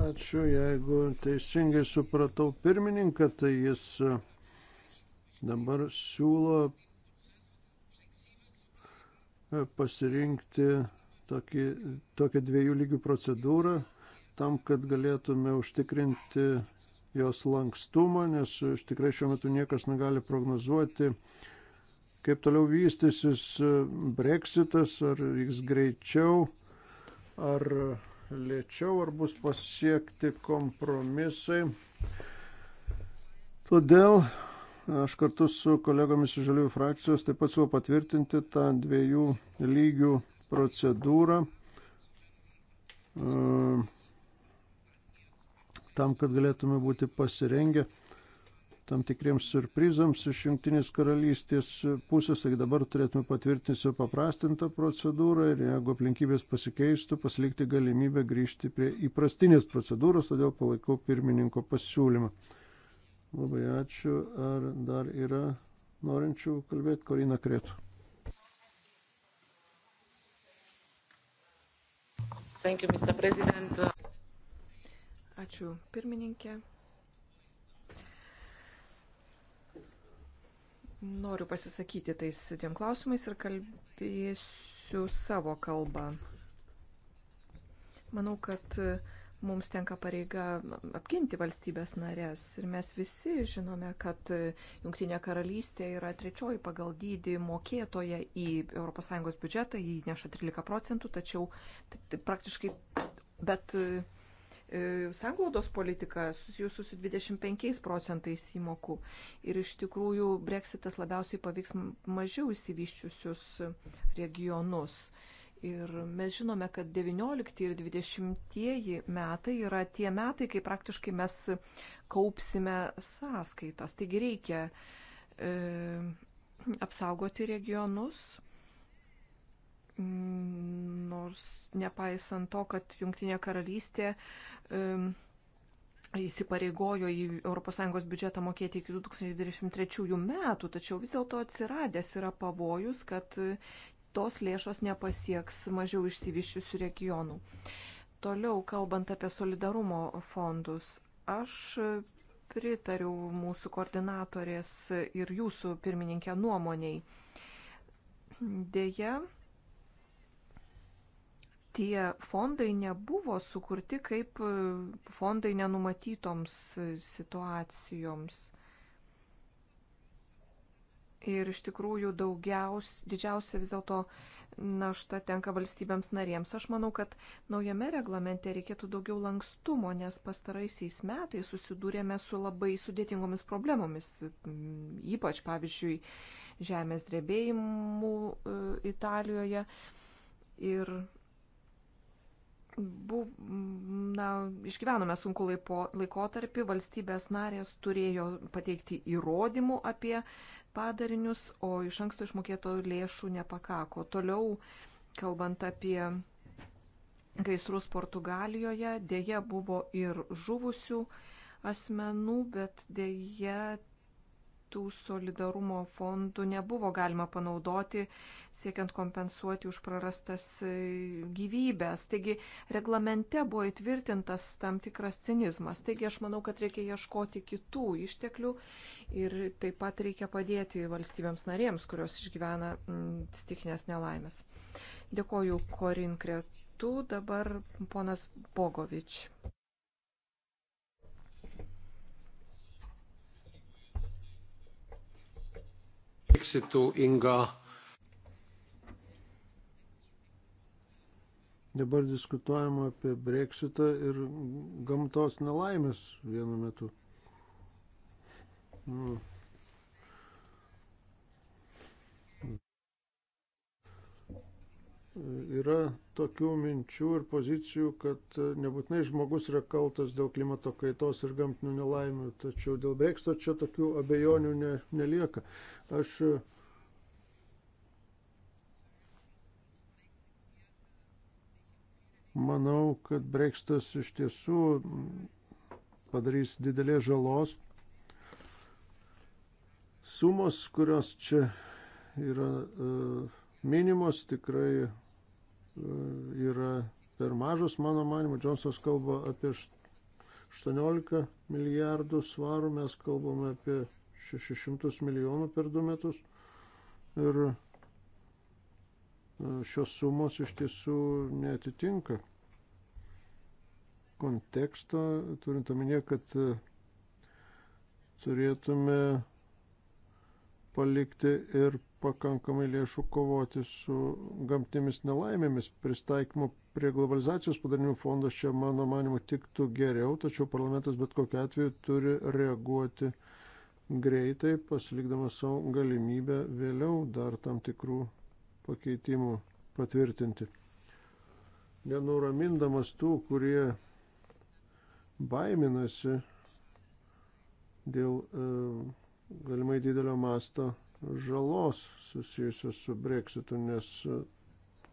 Ačiū, jeigu teisingai supratau pirmininką, tai jis e, dabar siūlo e, pasirinkti tokį, tokią dviejų lygių procedūrą tam, kad galėtume užtikrinti jos lankstumą, nes e, tikrai šiuo metu niekas negali prognozuoti, kaip toliau vystysis e, breksitas, ar vyks greičiau, ar lėčiau, ar bus pasiekti kompromisai. Todėl aš kartu su kolegomis iš žaliųjų frakcijos taip pat siūlau patvirtinti tą dviejų lygių procedūrą e, tam, kad galėtume būti pasirengę tam tikriems surprizams iš Junktinės karalystės pusės, taigi dabar turėtume patvirtinti su paprastintą procedūrą ir jeigu aplinkybės pasikeistų, pasilikti galimybę grįžti prie įprastinės procedūros, todėl palaikau pirmininko pasiūlymą. Labai ačiū. Ar dar yra norinčių kalbėti Korina Kretų? Thank you, Mr. President. Ačiū, pirmininkė. Noriu pasisakyti tais dviem klausimais ir kalbėsiu savo kalbą. Manau, kad uh, mums tenka pareiga apginti valstybės narės. Ir mes visi žinome, kad Junktinė karalystė yra trečioji pagal dydį mokėtoja į ES biudžetą, jį neša 13 procentų, tačiau tai, tai praktiškai, bet e, sanglaudos politika susijusi su 25 procentais įmokų. Ir iš tikrųjų breksitas labiausiai paveiks mažiau įsivyščiusius regionus. E, Ir mes žinome, kad 19 ir 20 metai yra tie metai, kai praktiškai mes kaupsime sąskaitas. Taigi reikia e, apsaugoti regionus, nors nepaisant to, kad Junktinė karalystė e, įsipareigojo į ES biudžetą mokėti iki 2023 metų, tačiau vis dėlto atsiradęs yra pavojus, kad tos lėšos nepasieks mažiau išsivyščiusių regionų. Toliau, kalbant apie solidarumo fondus, aš pritariu mūsų koordinatorės ir jūsų pirmininkė nuomoniai. Deja, tie fondai nebuvo sukurti kaip fondai nenumatytoms situacijoms ir iš tikrųjų daugiausia, didžiausia vis dėlto našta tenka valstybėms narėms. Aš manau, kad naujame reglamente reikėtų daugiau lankstumo, nes pastaraisiais metais susidūrėme su labai sudėtingomis problemomis, mm, ypač pavyzdžiui žemės drebėjimų e, Italijoje. Ir buv, na, išgyvenome sunku laiko, laikotarpį, valstybės narės turėjo pateikti įrodymų apie padarinius, o iš anksto išmokėto lėšų nepakako. Toliau, kalbant apie gaisrus Portugalijoje, dėje buvo ir žuvusių asmenų, bet dėje tų solidarumo fondų nebuvo galima panaudoti, siekiant kompensuoti už prarastas e, gyvybės. Taigi reglamente buvo įtvirtintas tam tikras cinizmas. Taigi aš manau, kad reikia ieškoti kitų išteklių ir taip pat reikia padėti valstybėms narėms, kurios išgyvena stikinės nelaimės. Dėkoju Korin Kretu, dabar ponas Bogovič. Brexitu, Inga. Dabar diskutuojama apie Brexitą ir gamtos nelaimės vienu metu. Nu. Mm. Yra tokių minčių ir pozicijų, kad nebūtinai žmogus yra kaltas dėl klimato kaitos ir gamtinių nelaimių, tačiau dėl breksito čia tokių abejonių ne, nelieka. Aš manau, kad breksitas iš tiesų padarys didelės žalos. Sumos, kurios čia yra uh, minimos, tikrai E, yra per mažos, mano manimu. Džonsas kalba apie 18 milijardų svarų, mes kalbame apie 600 milijonų per du metus. Ir e, šios sumos iš tiesų netitinka konteksto, turint omenyje, kad e, turėtume palikti ir pakankamai lėšų kovoti su gamtinėmis nelaimėmis. Pristaikymo prie globalizacijos padarinių fondas čia, mano manimu, tiktų geriau, tačiau parlamentas bet kokiu atveju turi reaguoti greitai, pasilikdamas savo galimybę vėliau dar tam tikrų pakeitimų patvirtinti. Nenuramindamas tų, kurie baiminasi dėl e, galimai didelio masto žalos susijusios su breksitu, nes e,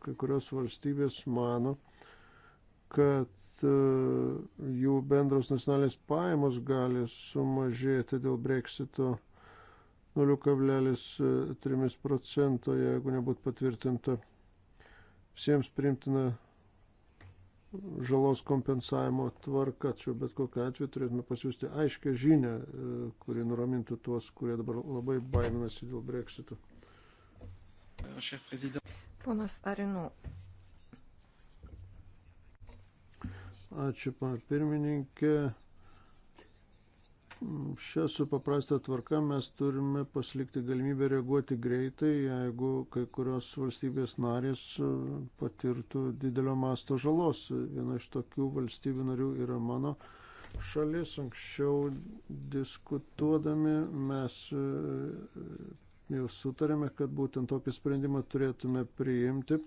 kai kurios valstybės mano, kad e, jų bendros nacionalinės pajamos gali sumažėti dėl breksito 0,3 e, procento, jeigu nebūtų patvirtinta visiems primtina žalos kompensavimo tvarka. Tačiau bet kokiu atveju turėtume pasiūsti aiškę žinę, e, kuri nuramintų tuos, kurie dabar labai baiminasi dėl breksito. Ponas Arinu. Ačiū, pana pirmininkė. Šią supaprastą tvarką mes turime pasilikti galimybę reaguoti greitai, jeigu kai kurios valstybės narės e, patirtų didelio masto žalos. Viena iš tokių valstybių narių yra mano šalis. Anksčiau diskutuodami mes e, jau sutarėme, kad būtent tokį sprendimą turėtume priimti.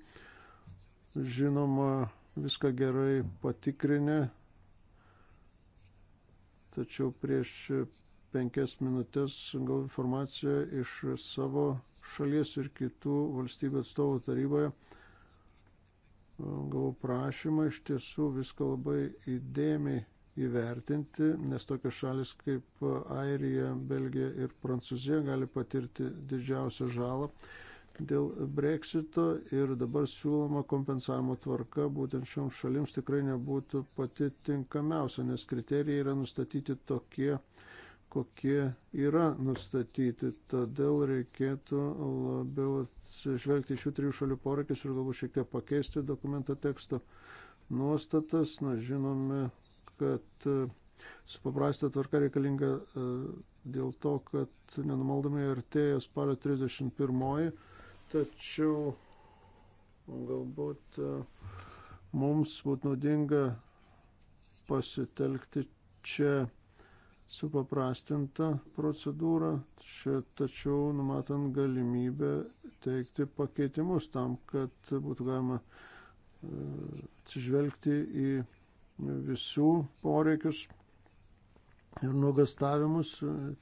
Žinoma, viską gerai patikrinę tačiau prieš penkias minutės gavau informaciją iš savo šalies ir kitų valstybių atstovų taryboje. Gavau prašymą iš tiesų viską labai įdėmiai įvertinti, nes tokios šalis kaip Airija, Belgija ir Prancūzija gali patirti didžiausią žalą dėl breksito ir dabar siūloma kompensavimo tvarka būtent šioms šalims tikrai nebūtų pati tinkamiausia, nes kriterijai yra nustatyti tokie, kokie yra nustatyti. Todėl reikėtų labiau atsižvelgti šių trijų šalių poreikius ir galbūt šiek tiek pakeisti dokumento teksto nuostatas. Na, žinome, kad supaprastinta tvarka reikalinga e, dėl to, kad nenumaldomai artėja spalio 31. Tačiau galbūt e, mums būtų naudinga pasitelkti čia supaprastintą procedūrą, čia, tačiau numatant galimybę teikti pakeitimus tam, kad būtų galima e, atsižvelgti į visų poreikius ir nuogastavimus. Uh,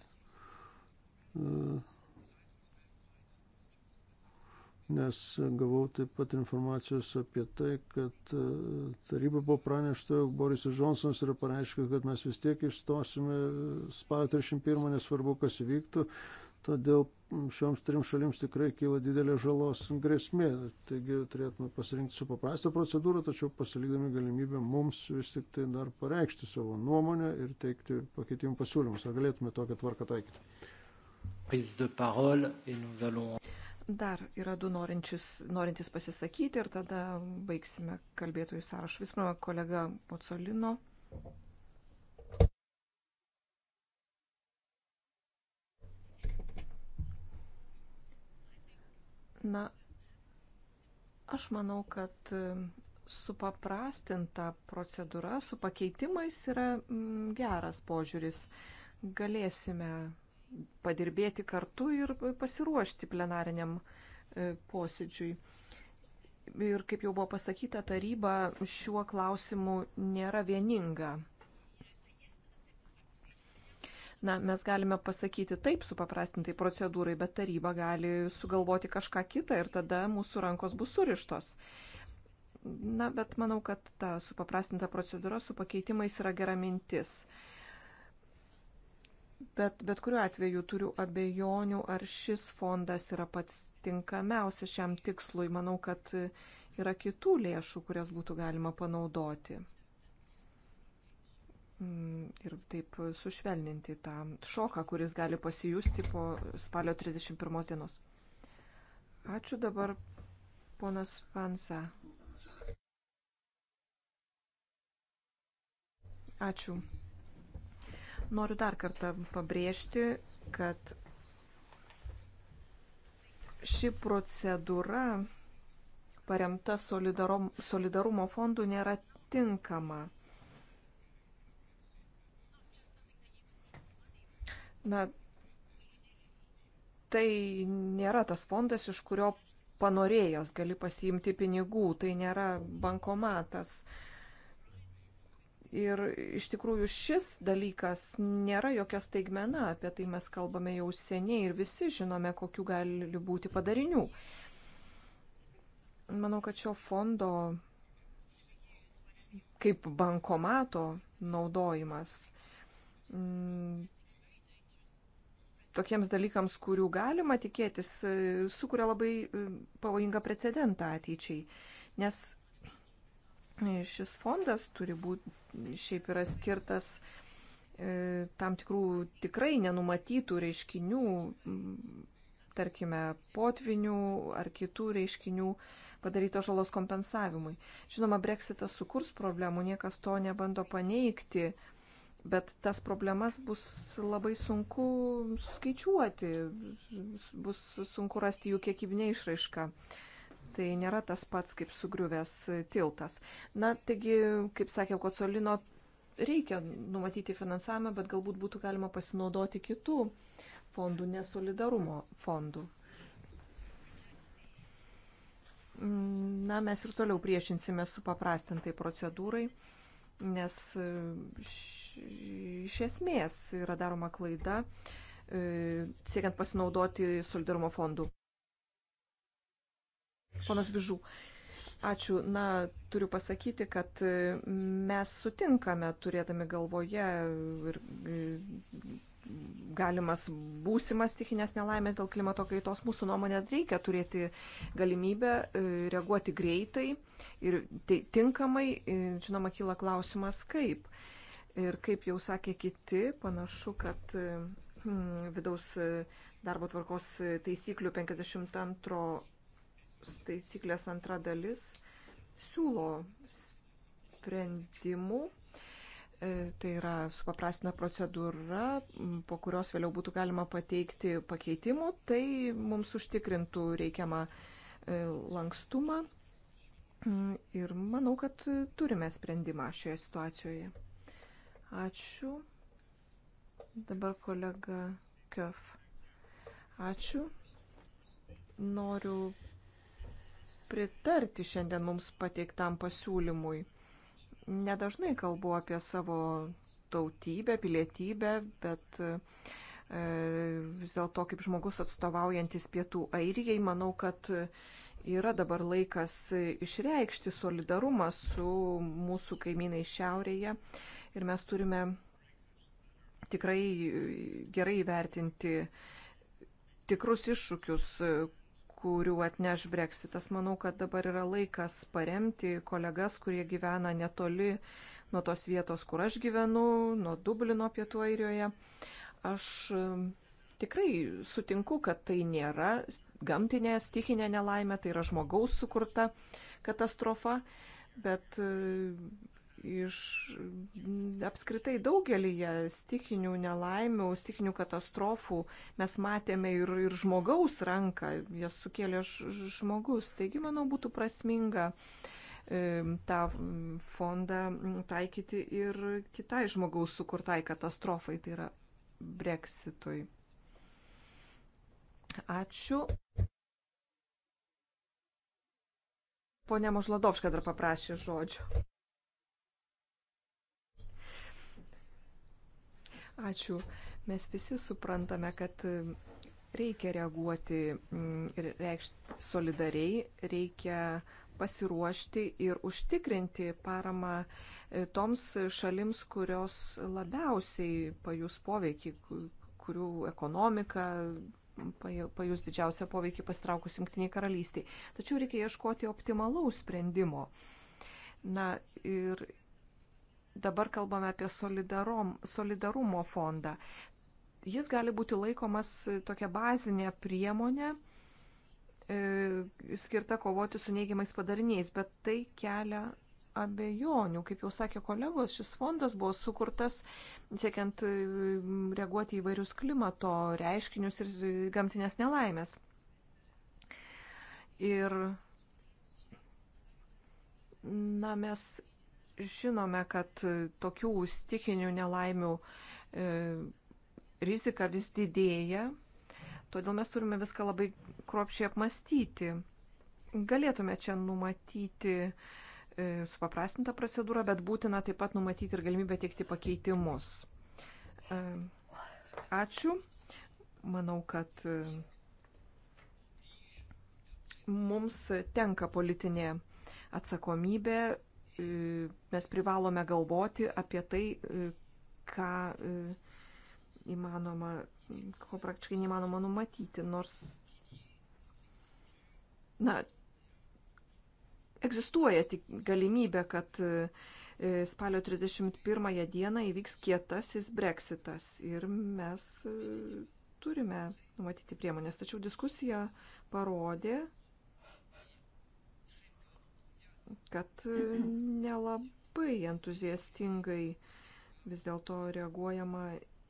nes gavau taip pat informacijos apie tai, kad e, taryba buvo pranešta, jog Borisas Džonsonas yra pareiškęs, kad mes vis tiek išstosime spalio 31, nesvarbu, kas įvyktų. Todėl šioms trim šalims tikrai kyla didelė žalos grėsmė. Taigi turėtume pasirinkti su paprastą procedūrą, tačiau pasilikdami galimybę mums vis tik tai dar pareikšti savo nuomonę ir teikti pakeitimų pasiūlymus. Ar galėtume tokią tvarką taikyti? Dar yra du norinčius, norintys pasisakyti ir tada baigsime kalbėtojų sąrašą. Vis pirma, kolega Pocolino. Na, aš manau, kad supaprastinta procedūra su pakeitimais yra geras požiūris. Galėsime padirbėti kartu ir pasiruošti plenariniam e, posėdžiui. Ir kaip jau buvo pasakyta, taryba šiuo klausimu nėra vieninga. Na, mes galime pasakyti taip supaprastintai procedūrai, bet taryba gali sugalvoti kažką kitą ir tada mūsų rankos bus surištos. Na, bet manau, kad ta supaprastinta procedūra su pakeitimais yra gera mintis. Uh, Bet, bet kuriuo atveju turiu abejonių, ar šis fondas yra pats tinkamiausias šiam tikslui. Manau, kad yra kitų lėšų, kurias būtų galima panaudoti. Mm, ir taip sušvelninti tą šoką, kuris gali pasijusti po spalio 31 dienos. Ačiū dabar, ponas Fansa. Ačiū. Noriu dar kartą pabrėžti, kad ši procedūra paremta solidarumo fondų nėra tinkama. Na, tai nėra tas fondas, iš kurio panorėjęs gali pasiimti pinigų, tai nėra bankomatas. Uh, Ir iš tikrųjų šis dalykas nėra jokia staigmena, apie tai mes kalbame jau seniai ir visi žinome, kokiu gali būti padarinių. Manau, kad šio fondo kaip bankomato naudojimas m, mm, tokiems dalykams, kurių galima tikėtis, sukuria labai mm, pavojingą precedentą ateičiai. Nes Šis fondas turi būti, šiaip yra skirtas e, tam tikrų tikrai nenumatytų reiškinių, tarkime, potvinių ar kitų reiškinių padarytos žalos kompensavimui. Žinoma, breksitas sukurs problemų, niekas to nebando paneigti, bet tas problemas bus labai sunku suskaičiuoti, bus sunku rasti jų kiekybinę išraišką. Uh, tai nėra tas pats kaip sugriuvęs tiltas. Na, taigi, kaip sakė Kocolino, reikia numatyti finansavimą, bet galbūt būtų galima pasinaudoti kitų fondų, nesolidarumo fondų. Na, mes ir toliau priešinsime su paprastintai procedūrai, nes iš esmės yra daroma klaida e, siekiant pasinaudoti solidarumo fondų. Ponas Bižų. Ačiū. Na, turiu pasakyti, kad e, mes sutinkame, turėdami galvoje ir e, galimas būsimas tikinės nelaimės dėl klimato kaitos, mūsų nuomonė reikia turėti galimybę e, reaguoti greitai ir tinkamai. Žinoma, kyla klausimas, kaip. Ir kaip jau sakė kiti, panašu, kad hmm, vidaus darbo tvarkos taisyklių 52 taisyklės antra dalis siūlo sprendimų. E, tai yra supaprastina procedūra, po kurios vėliau būtų galima pateikti pakeitimų. Tai mums užtikrintų reikiamą e, lankstumą. Mm, ir manau, kad turime sprendimą šioje situacijoje. Ačiū. Dabar kolega Kef. Ačiū. Noriu pritarti šiandien mums pateiktam pasiūlymui. Nedažnai kalbu apie savo tautybę, pilietybę, bet e, vis dėlto kaip žmogus atstovaujantis pietų Airijai, manau, kad yra dabar laikas išreikšti solidarumą su mūsų kaimynai šiaurėje ir mes turime tikrai gerai įvertinti tikrus iššūkius, kurių atneš breksitas. Manau, kad dabar yra laikas paremti kolegas, kurie gyvena netoli nuo tos vietos, kur aš gyvenu, nuo Dublino pietų Airijoje. Aš tikrai sutinku, kad tai nėra gamtinė stichinė nelaimė, tai yra žmogaus sukurta katastrofa, bet iš apskritai daugelįje stikinių nelaimių, stikinių katastrofų mes matėme ir, ir žmogaus ranką, jas sukėlė žmogus. Taigi, manau, būtų prasminga e, tą fondą taikyti ir kitai žmogaus sukurtai katastrofai, tai yra breksitui. Ačiū. Pone Možladovška dar paprašė žodžio. Ačiū. Mes visi suprantame, kad reikia reaguoti ir reikšti solidariai, reikia pasiruošti ir užtikrinti paramą e, toms šalims, kurios labiausiai pajus poveikį, kurių ekonomika pajus didžiausią poveikį pastraukus Junktiniai karalystiai. Tačiau reikia ieškoti optimalaus sprendimo. Na ir Dabar kalbame apie solidarumo fondą. Jis gali būti laikomas tokia bazinė priemonė e, skirta kovoti su neigiamais padariniais, bet tai kelia abejonių. Kaip jau sakė kolegos, šis fondas buvo sukurtas siekiant e, reaguoti į vairius klimato reiškinius ir gamtinės nelaimės. Ir na, mes žinome, kad e, tokių stikinių nelaimių e, rizika vis didėja, todėl mes turime viską labai kruopšiai apmastyti. Galėtume čia numatyti e, supaprastintą procedūrą, bet būtina taip pat numatyti ir galimybę teikti pakeitimus. Ačiū. Manau, kad mums tenka politinė atsakomybė E, mes privalome galvoti apie tai, e, ką e, įmanoma, ko praktiškai neįmanoma numatyti, nors, na, egzistuoja tik galimybė, kad spalio 31 dieną įvyks kietasis breksitas ir mes turime numatyti priemonės. Tačiau diskusija parodė, kad e, nelabai entuziastingai vis dėlto reaguojama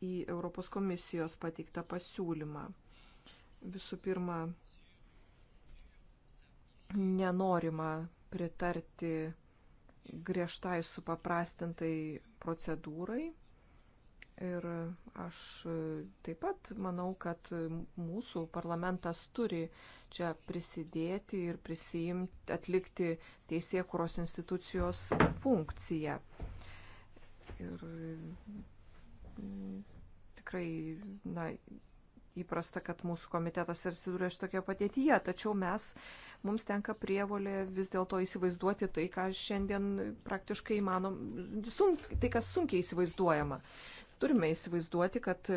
į Europos komisijos pateiktą pasiūlymą. Visų pirma, nenorima pritarti griežtai supaprastintai procedūrai Ir aš taip pat manau, kad mūsų parlamentas turi čia prisidėti ir prisijimti, atlikti teisėkuros institucijos funkciją. Ir mm, tikrai, na, įprasta, kad mūsų komitetas ir sidūrė šitokia patėtyje, tačiau mes, mums tenka prievolė vis dėlto įsivaizduoti tai, ką šiandien praktiškai įmanom, sunk, tai, kas sunkiai įsivaizduojama. Uh, turime įsivaizduoti, kad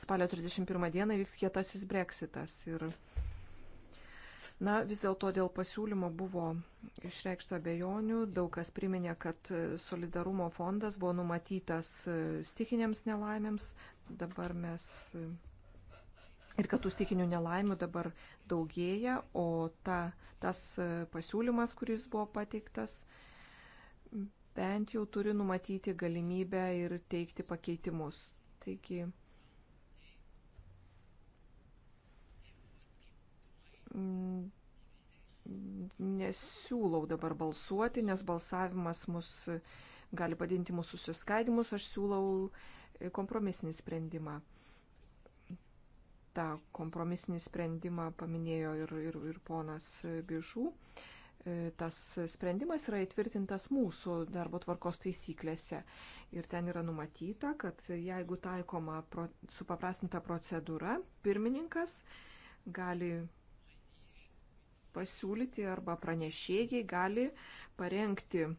spalio 31 dieną vyks kietasis breksitas. Ir Na, vis dėlto dėl pasiūlymo buvo išreikšta bejonių, daug kas priminė, kad solidarumo fondas buvo numatytas stikiniams nelaimėms, dabar mes ir kad tų stikinių nelaimių dabar daugėja, o ta, tas pasiūlymas, kuris buvo pateiktas, bent jau turi numatyti galimybę ir teikti pakeitimus. Taigi, mm, nesiūlau dabar balsuoti, nes balsavimas mus gali padinti mūsų susiskaidimus, aš siūlau kompromisinį sprendimą. Ta kompromisinį sprendimą paminėjo ir, ir, ir ponas Bižų. Uh, tas sprendimas yra įtvirtintas mūsų darbo tvarkos taisyklėse. Ir ten yra numatyta, kad jeigu taikoma pro, supaprastinta procedūra, pirmininkas gali pasiūlyti arba pranešėjai gali parengti e,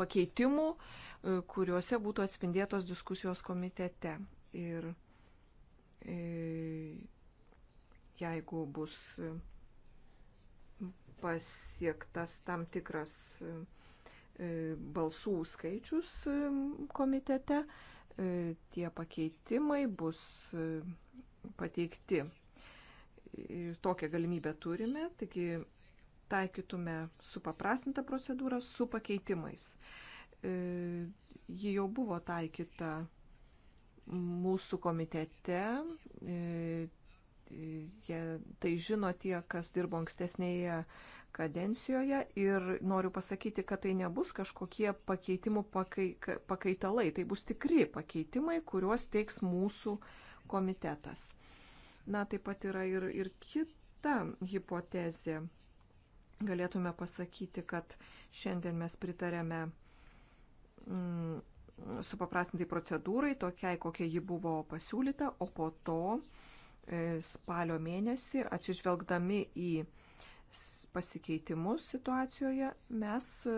pakeitimų, e, kuriuose būtų atspindėtos diskusijos komitete. Ir e, jeigu bus pasiektas tam tikras e, balsų skaičius e, komitete. E, tie pakeitimai bus pateikti. Ir tokią galimybę turime, taigi taikytume supaprastintą procedūrą su pakeitimais. Ji jau buvo taikyta mūsų komitete jie tai žino tie, kas dirbo ankstesnėje kadencijoje ir noriu pasakyti, kad tai nebus kažkokie pakeitimų pakai, pakaitalai, tai bus tikri pakeitimai, kuriuos teiks mūsų komitetas. Na, taip pat yra ir, ir kita hipotezė. Galėtume pasakyti, kad šiandien mes pritarėme mm, supaprastintai procedūrai, tokiai, kokia ji buvo pasiūlyta, o po to uh, E, spalio mėnesį, atsižvelgdami į pasikeitimus situacijoje, mes e,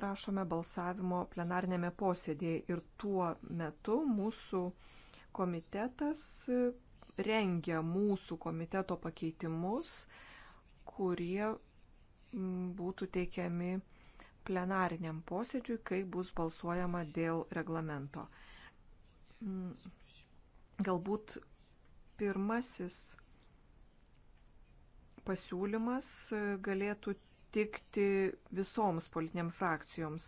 prašome balsavimo plenarnėme posėdėje ir tuo metu mūsų komitetas e, rengia mūsų komiteto pakeitimus, kurie būtų teikiami plenariniam posėdžiui, kai bus balsuojama dėl reglamento. Galbūt pirmasis pasiūlymas galėtų tikti visoms politiniam frakcijoms.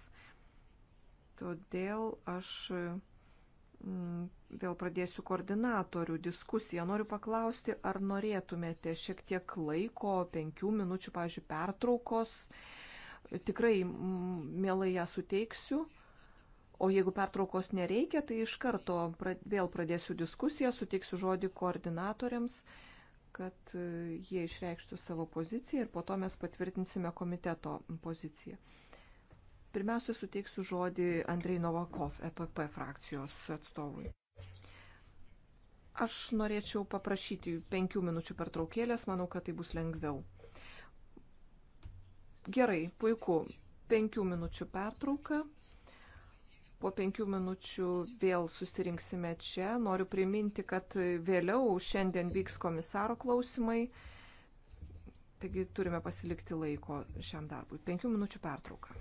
Todėl aš mm, vėl pradėsiu koordinatorių diskusiją. Noriu paklausti, ar norėtumėte šiek tiek laiko, penkių minučių, pavyzdžiui, pertraukos. Tikrai mm, mielai ją suteiksiu. O jeigu pertraukos nereikia, tai iš karto vėl pradėsiu diskusiją, suteiksiu žodį koordinatoriams, kad e, jie išreikštų savo poziciją ir po to mes patvirtinsime komiteto poziciją. Pirmiausia, suteiksiu žodį Andrei Novakov, EPP frakcijos atstovui. Aš norėčiau paprašyti penkių minučių pertraukėlės, manau, kad tai bus lengviau. Gerai, puiku. Penkių minučių pertrauka. Po penkių minučių vėl susirinksime čia. Noriu priminti, kad vėliau šiandien vyks komisaro klausimai. Taigi turime pasilikti laiko šiam darbui. Penkių minučių pertrauka.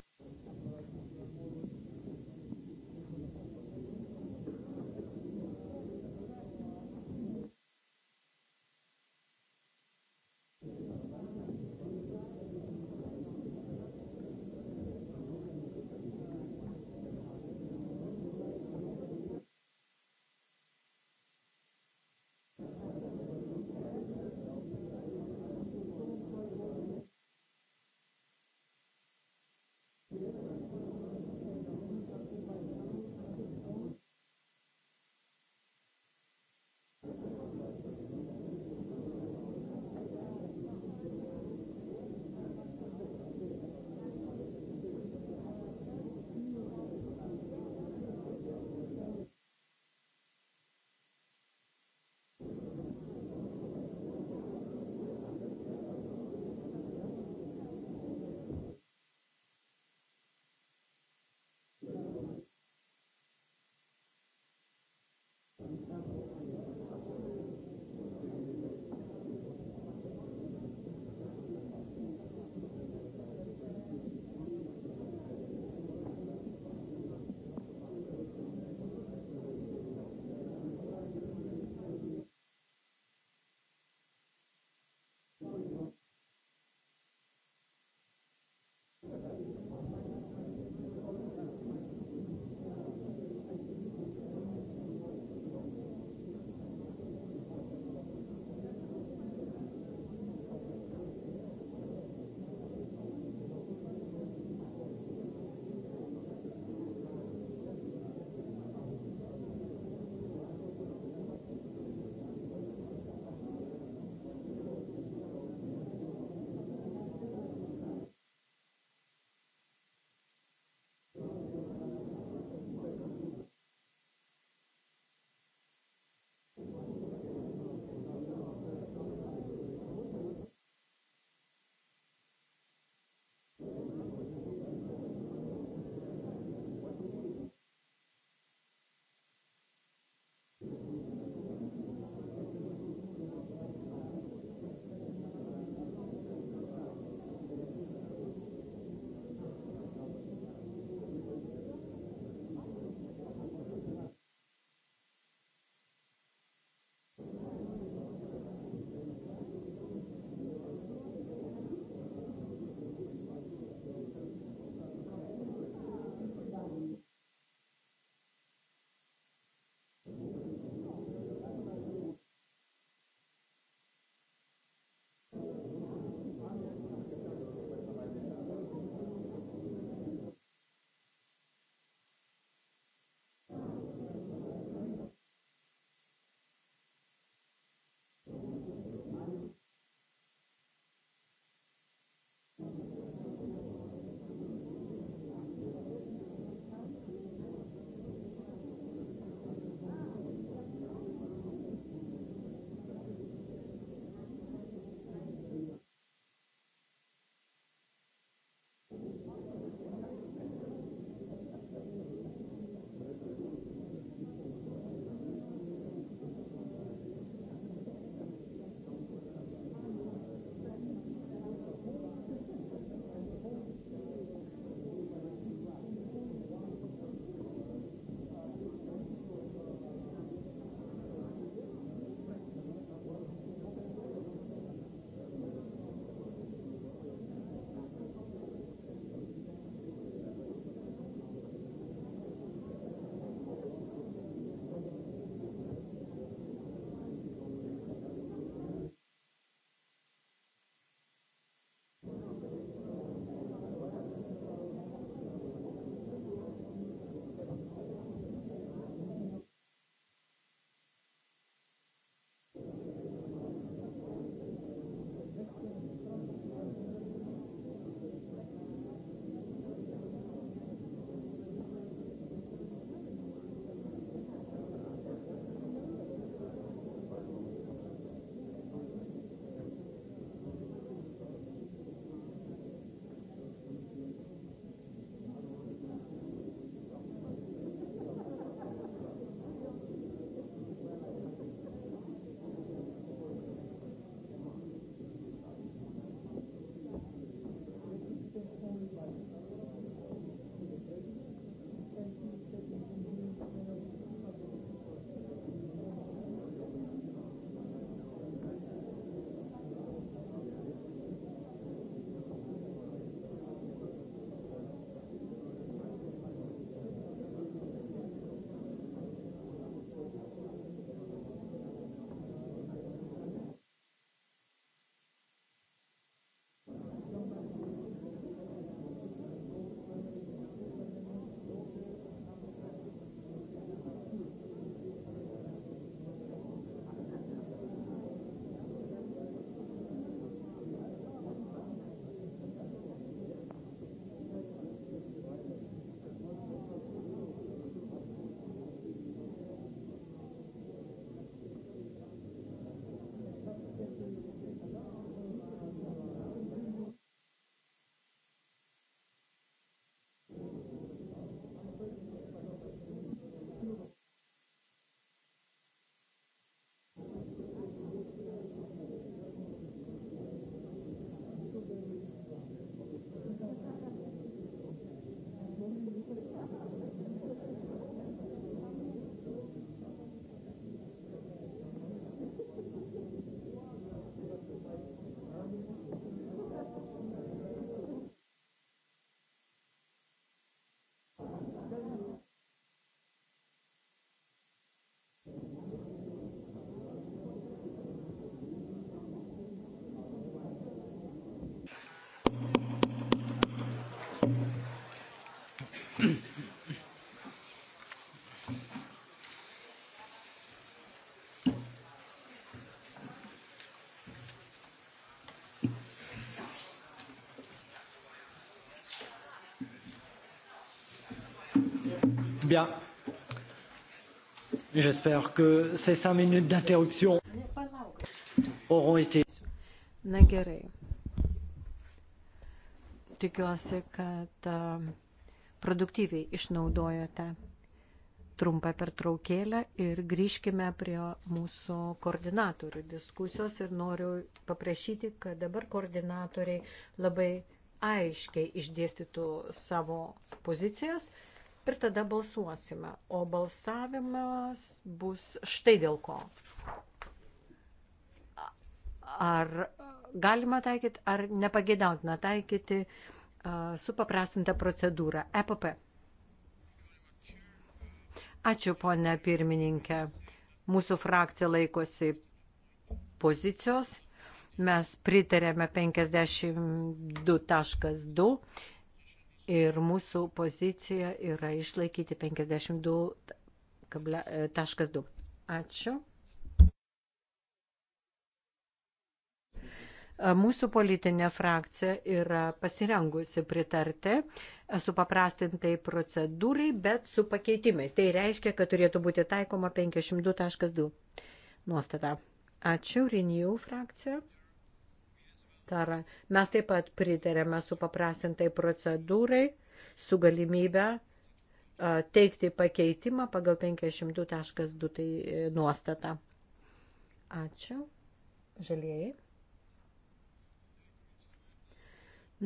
Bien. J'espère que ces cinq minutes d'interruption auront été. Na gerai. Tikiuosi, kad produktyviai išnaudojote trumpą pertraukėlę ir grįžkime prie mūsų koordinatorių diskusijos ir noriu paprašyti, kad dabar koordinatoriai labai aiškiai išdėstytų savo pozicijas ir tada balsuosime. O balsavimas bus štai dėl ko. Ar galima taikyti, ar nepagėdautina taikyti uh, supaprastintą procedūrą EPP. Ačiū, ponia pirmininkė. Mūsų frakcija laikosi pozicijos. Mes pritarėme 52.2 Ir mūsų pozicija yra išlaikyti 52.2. E, Ačiū. Mūsų politinė frakcija yra pasirengusi pritarti su paprastintai procedūrai, bet su pakeitimais. Tai reiškia, kad turėtų būti taikoma 52.2 nuostata. Ačiū, Renew frakcija tarą. Mes taip pat pritarėme su paprastintai procedūrai, su galimybė teikti pakeitimą pagal 502.2 tai e, nuostatą. Ačiū. Žalieji.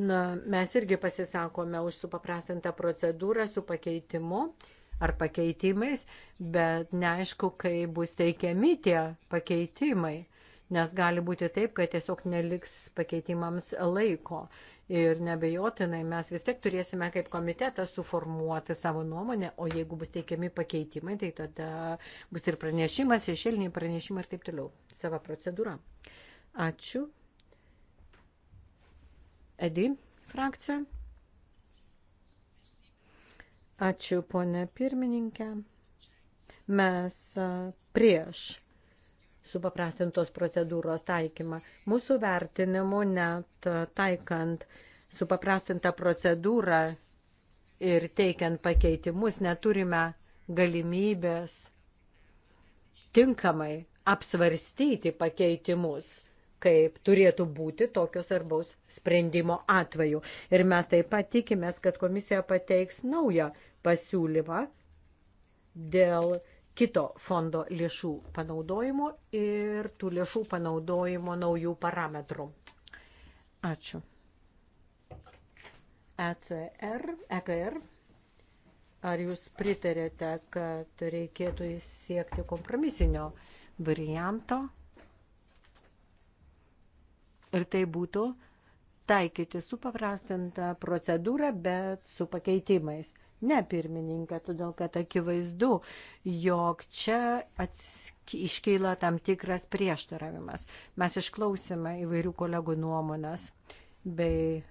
Na, mes irgi pasisakome už supaprastintą procedūrą su pakeitimu ar pakeitimais, bet neaišku, kai bus teikiami tie pakeitimai nes gali būti taip, kad tiesiog neliks pakeitimams laiko. Ir nebejotinai mes vis tiek turėsime kaip komitetas suformuoti savo nuomonę, o jeigu bus teikiami pakeitimai, tai tada bus ir pranešimas, šešėliniai pranešimai ir taip toliau. Sava procedūra. Ačiū. Edi, frakcija. Ačiū, ponė pirmininkė. Mes prieš supaprastintos procedūros taikymą. Mūsų vertinimu net e, taikant supaprastintą procedūrą ir teikiant pakeitimus neturime galimybės tinkamai apsvarstyti pakeitimus kaip turėtų būti tokio svarbaus sprendimo atveju. Ir mes taip pat tikimės, kad komisija pateiks naują pasiūlymą dėl kito fondo lėšų panaudojimo ir tų lėšų panaudojimo naujų parametrų. Ačiū. ECR, EKR, ar jūs pritarėte, kad reikėtų siekti kompromisinio varianto? Ir tai būtų taikyti supaprastintą procedūrą, bet su pakeitimais ne pirmininkę, todėl kad akivaizdu, jog čia iškyla tam tikras prieštaravimas. Mes išklausime įvairių kolegų nuomonės bei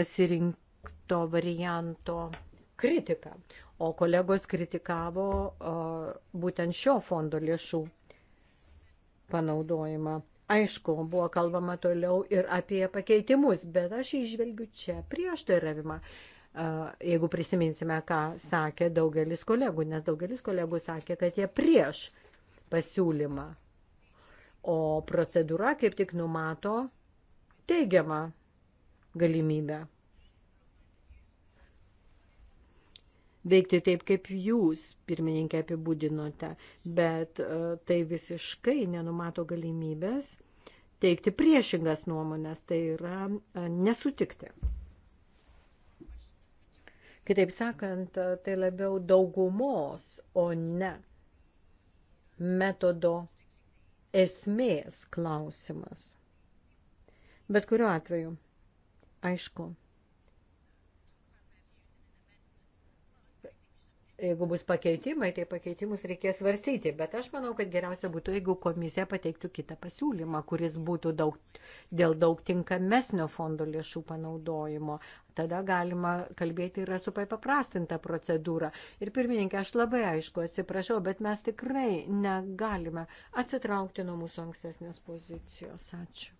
pasirinkto varianto kritiką. O kolegos kritikavo o, būtent šio fondo lėšų panaudojimą. Aišku, buvo kalbama toliau ir apie pakeitimus, bet aš išvelgiu čia prieštaravimą jeigu prisiminsime, ką sakė daugelis kolegų, nes daugelis kolegų sakė, kad jie prieš pasiūlymą. O procedūra kaip tik numato teigiamą galimybę veikti taip, kaip jūs, pirmininkė, apibūdinote, bet e, tai visiškai nenumato galimybės teikti priešingas nuomonės, tai yra e, nesutikti. Kitaip sakant, e, tai labiau daugumos, o ne metodo esmės klausimas. Bet kuriuo atveju, aišku, jeigu bus pakeitimai, tai pakeitimus reikės svarstyti. Bet aš manau, kad geriausia būtų, jeigu komisija pateiktų kitą pasiūlymą, kuris būtų daug, dėl daug tinkamesnio fondo lėšų panaudojimo. Tada galima kalbėti yra su paprastinta procedūra. Ir pirmininkė, aš labai aišku atsiprašau, bet mes tikrai negalime atsitraukti nuo mūsų ankstesnės pozicijos. Ačiū.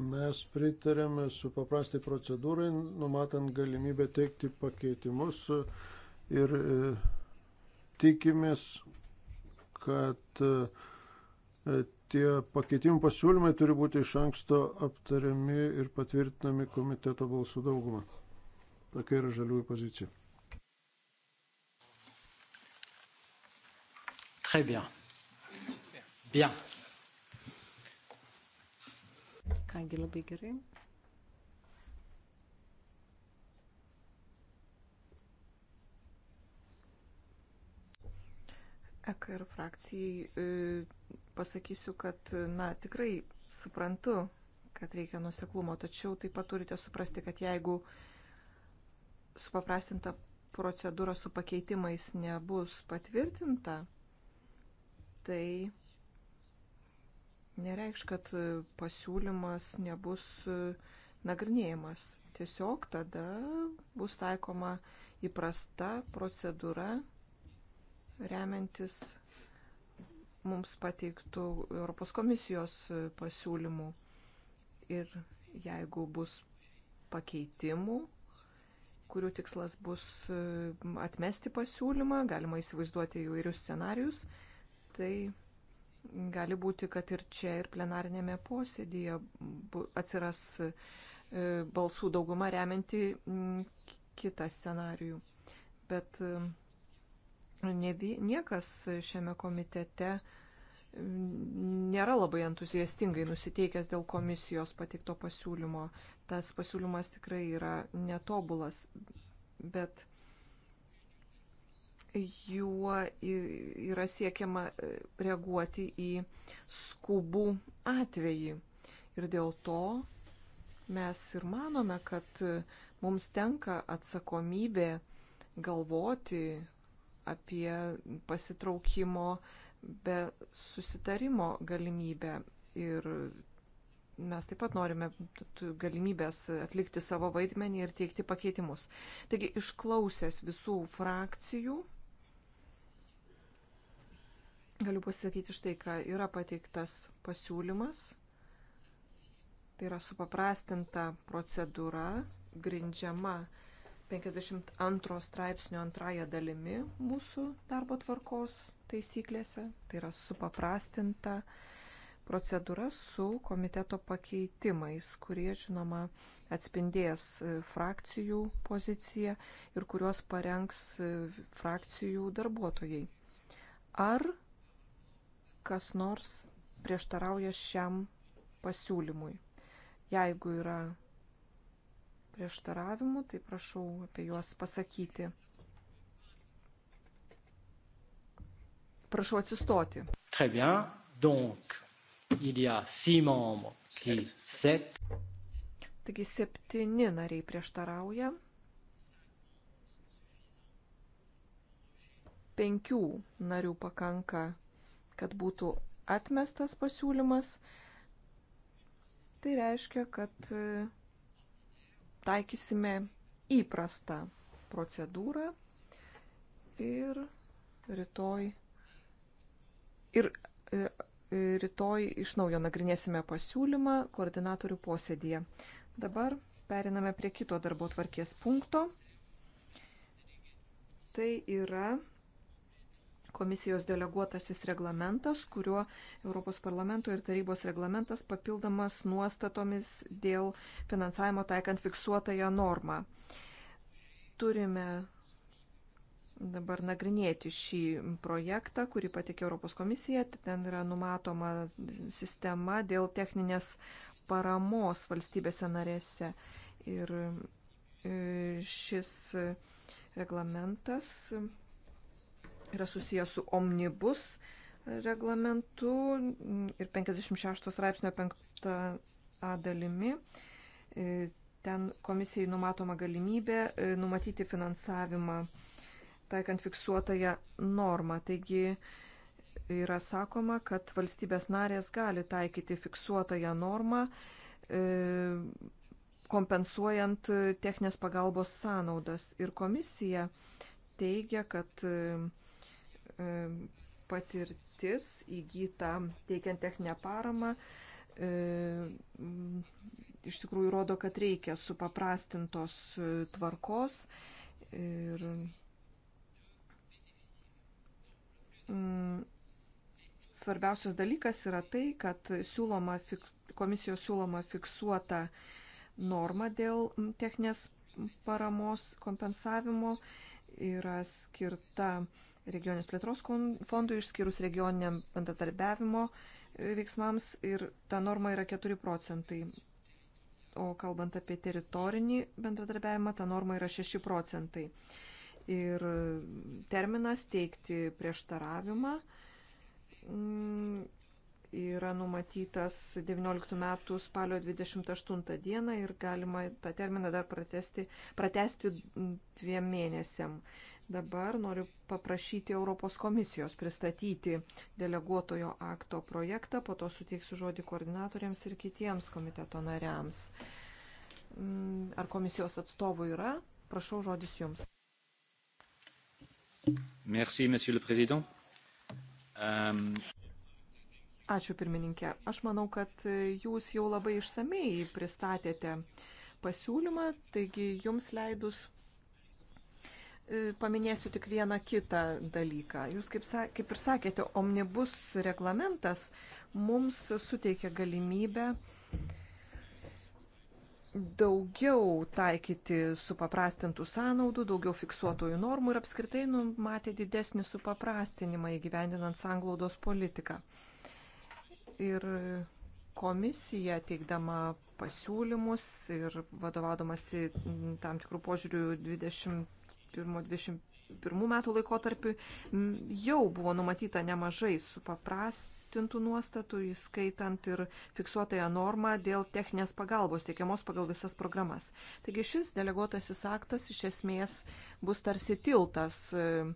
Mes pritarėme su paprastai procedūrai, numatant galimybę teikti pakeitimus ir e, tikimės, kad e, tie pakeitimų pasiūlymai turi būti iš anksto aptariami ir patvirtinami komiteto balsų daugumą. Tokia yra žaliųjų pozicija. Très bien. Bien. Kągi labai gerai. EKR frakcijai e, pasakysiu, kad, na, tikrai suprantu, kad reikia nuseklumo, tačiau taip pat turite suprasti, kad jeigu supaprastinta procedūra su pakeitimais nebus patvirtinta, tai nereikš, kad e, pasiūlymas nebus e, nagrinėjimas. Tiesiog tada bus taikoma įprasta procedūra, remiantis mums pateiktų Europos komisijos e, pasiūlymų. Ir jeigu bus pakeitimų, kurių tikslas bus atmesti pasiūlymą, galima įsivaizduoti įvairius scenarius, tai Gali būti, kad ir čia, ir plenarinėme posėdėje atsiras e, balsų dauguma remianti kitą scenarių. Bet e, ne, niekas šiame komitete nėra labai entuziastingai nusiteikęs dėl komisijos patikto pasiūlymo. Tas pasiūlymas tikrai yra netobulas, bet juo yra siekiama e, reaguoti į skubų atvejį. Ir dėl to mes ir manome, kad e, mums tenka atsakomybė galvoti apie pasitraukimo be susitarimo galimybę. Ir mes taip pat norime galimybės atlikti savo vaidmenį ir teikti pakeitimus. Taigi išklausęs visų frakcijų, galiu pasakyti štai, ką yra pateiktas pasiūlymas. Tai yra supaprastinta procedūra, grindžiama 52 straipsnio antraja dalimi mūsų darbo tvarkos taisyklėse. Tai yra supaprastinta procedūra su komiteto pakeitimais, kurie, žinoma, atspindės e, frakcijų poziciją ir kuriuos parengs e, frakcijų darbuotojai. Ar kas nors prieštarauja šiam pasiūlymui. Jeigu yra prieštaravimų, tai prašau apie juos pasakyti. Prašau atsistoti. Très bien. Donc, il y a six membres qui sept. Taigi septyni nariai prieštarauja. Penkių narių pakanka kad būtų atmestas pasiūlymas, tai reiškia, kad e, taikysime įprastą procedūrą ir rytoj, ir, e, e, rytoj iš naujo nagrinėsime pasiūlymą koordinatorių posėdėje. Dabar periname prie kito darbo tvarkės punkto. Tai yra komisijos deleguotasis reglamentas, kuriuo Europos parlamento ir tarybos reglamentas papildomas nuostatomis dėl finansavimo taikant fiksuotąją normą. Turime dabar nagrinėti šį projektą, kurį patikė Europos komisija. Ten yra numatoma sistema dėl techninės paramos valstybėse narėse. Ir e, šis e, reglamentas yra susijęs su omnibus reglamentu ir 56 straipsnio 5a dalimi. E, ten komisijai numatoma galimybė e, numatyti finansavimą taikant fiksuotąją normą. Taigi yra sakoma, kad valstybės narės gali taikyti fiksuotąją normą e, kompensuojant techninės pagalbos sąnaudas. Ir komisija teigia, kad E, patirtis įgyta teikiant techninę paramą e, iš tikrųjų rodo, kad reikia supaprastintos e, tvarkos ir mm, svarbiausias dalykas yra tai, kad siūloma, komisijos siūloma fiksuota norma dėl techninės paramos kompensavimo yra skirta uh, regionės plėtros fondui išskyrus regioniniam bendradarbiavimo e, veiksmams ir ta norma yra 4 procentai. O kalbant apie teritorinį bendradarbiavimą, ta norma yra 6 procentai. Ir terminas teikti prieštaravimą mm, yra numatytas 19 metų spalio 28 dieną ir galima tą terminą dar pratesti, pratesti dviem mėnesiam. Dabar noriu paprašyti Europos komisijos pristatyti deleguotojo akto projektą, po to suteiksiu žodį koordinatoriams ir kitiems komiteto nariams. Mm, ar komisijos atstovų yra? Prašau žodis jums. Merci, monsieur le président. Um... Ačiū pirmininkė. Aš manau, kad jūs jau labai išsamei pristatėte pasiūlymą, taigi jums leidus E, paminėsiu tik vieną kitą dalyką. Jūs, kaip, kaip ir sakėte, omnibus reglamentas mums suteikia galimybę daugiau taikyti supaprastintų sąnaudų, daugiau fiksuotojų normų ir apskritai numatė didesnį supaprastinimą įgyvendinant sanglaudos politiką. Ir komisija teikdama pasiūlymus ir vadovaudamasi tam tikrų požiūrių 20 21-21 metų laikotarpiu jau buvo numatyta nemažai supaprastintų nuostatų, įskaitant ir fiksuotąją normą dėl techninės pagalbos teikiamos pagal visas programas. Taigi šis deleguotasis aktas iš esmės bus tarsi tiltas e,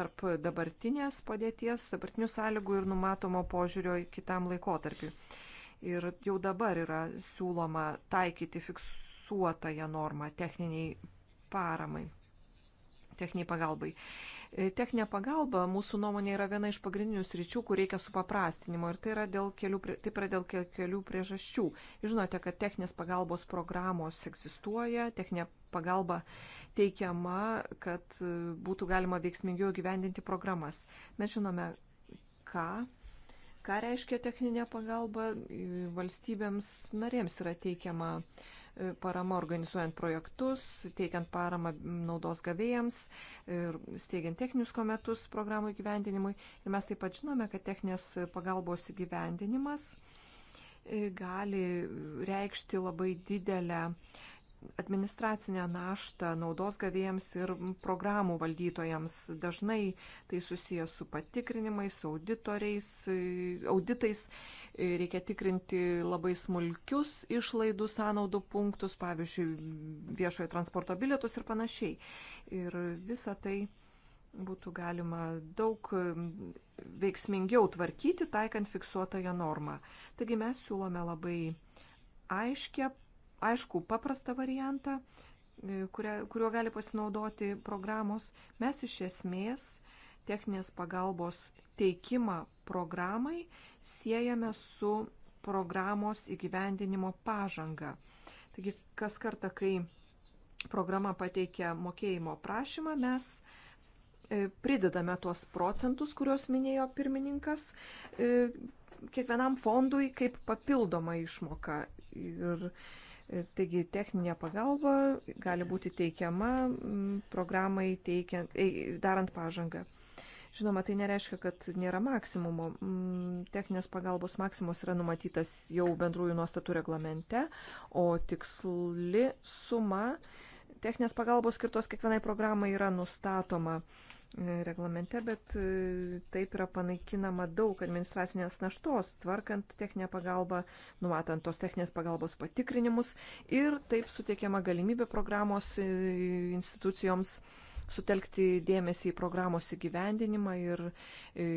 tarp dabartinės padėties, dabartinių sąlygų ir numatomo požiūrio kitam laikotarpiu. Ir jau dabar yra siūloma taikyti fiksuotąją normą techniniai paramai, techniniai pagalbai. E, techninė pagalba, mūsų nuomonė, yra viena iš pagrindinių sričių, kur reikia supaprastinimo ir tai yra dėl kelių, taip yra dėl kelių priežasčių. Žinote, kad techninės pagalbos programos egzistuoja, techninė pagalba teikiama, kad e, būtų galima veiksmingiau gyvendinti programas. Mes žinome, ką. Ką reiškia techninė pagalba valstybėms narėms yra teikiama uh, parama organizuojant projektus, teikiant paramą naudos gavėjams ir steigiant techninius kometus programų įgyvendinimui. Ir mes taip pat žinome, kad techninės pagalbos įgyvendinimas e, gali reikšti labai didelę administracinę naštą naudos gavėjams ir programų valdytojams. Dažnai tai susijęs su patikrinimais, auditoriais, auditais. Reikia tikrinti labai smulkius išlaidų sąnaudų punktus, pavyzdžiui, viešojo transporto bilietus ir panašiai. Ir visa tai būtų galima daug veiksmingiau tvarkyti, taikant fiksuotąją normą. Taigi mes siūlome labai aiškę aišku paprastą variantą, e, kuria, kuriuo gali pasinaudoti programos. Mes iš esmės techninės pagalbos teikimą programai siejame su programos įgyvendinimo pažanga. Taigi, kas kartą, kai programa pateikia mokėjimo prašymą, mes e, pridedame tuos procentus, kuriuos minėjo pirmininkas, e, kiekvienam fondui kaip papildoma išmoka. Ir Taigi techninė pagalba gali būti teikiama mm, programai teikiant, darant pažangą. Žinoma, tai nereiškia, kad nėra maksimumo. Mm, techninės pagalbos maksimumas yra numatytas jau bendrųjų nuostatų reglamente, o tiksli suma techninės pagalbos skirtos kiekvienai programai yra nustatoma reglamente, bet e, taip yra panaikinama daug administracinės naštos, tvarkant techninę pagalbą, numatant tos techninės pagalbos patikrinimus ir taip suteikiama galimybė programos e, institucijoms sutelkti dėmesį į programos įgyvendinimą ir e,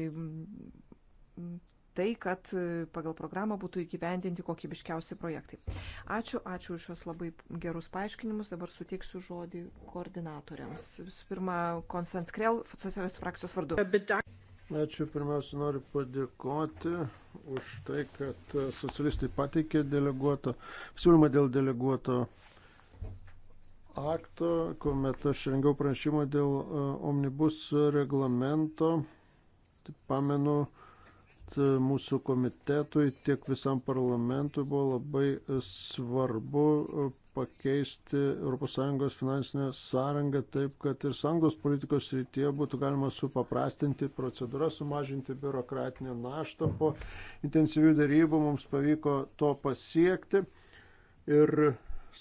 tai, kad e, pagal programą būtų įgyvendinti kokybiškiausi projektai. Ačiū, ačiū už šios labai gerus paaiškinimus. Dabar suteiksiu žodį koordinatoriams. Visų pirma, Konstans Krell, socialistų frakcijos vardu. Ačiū, pirmiausia, noriu padėkoti už tai, kad e, socialistai pateikė deleguoto, siūlymą dėl deleguoto akto, kuomet aš rengiau pranešimą dėl e, omnibus reglamento. Taip, pamenu, E, mūsų komitetui, tiek visam parlamentui buvo labai e, svarbu e, pakeisti ES finansinę sąrangą taip, kad ir sąjungos politikos rytyje būtų galima supaprastinti procedūrą, sumažinti biurokratinę naštą. Po intensyvių darybų mums pavyko to pasiekti. Ir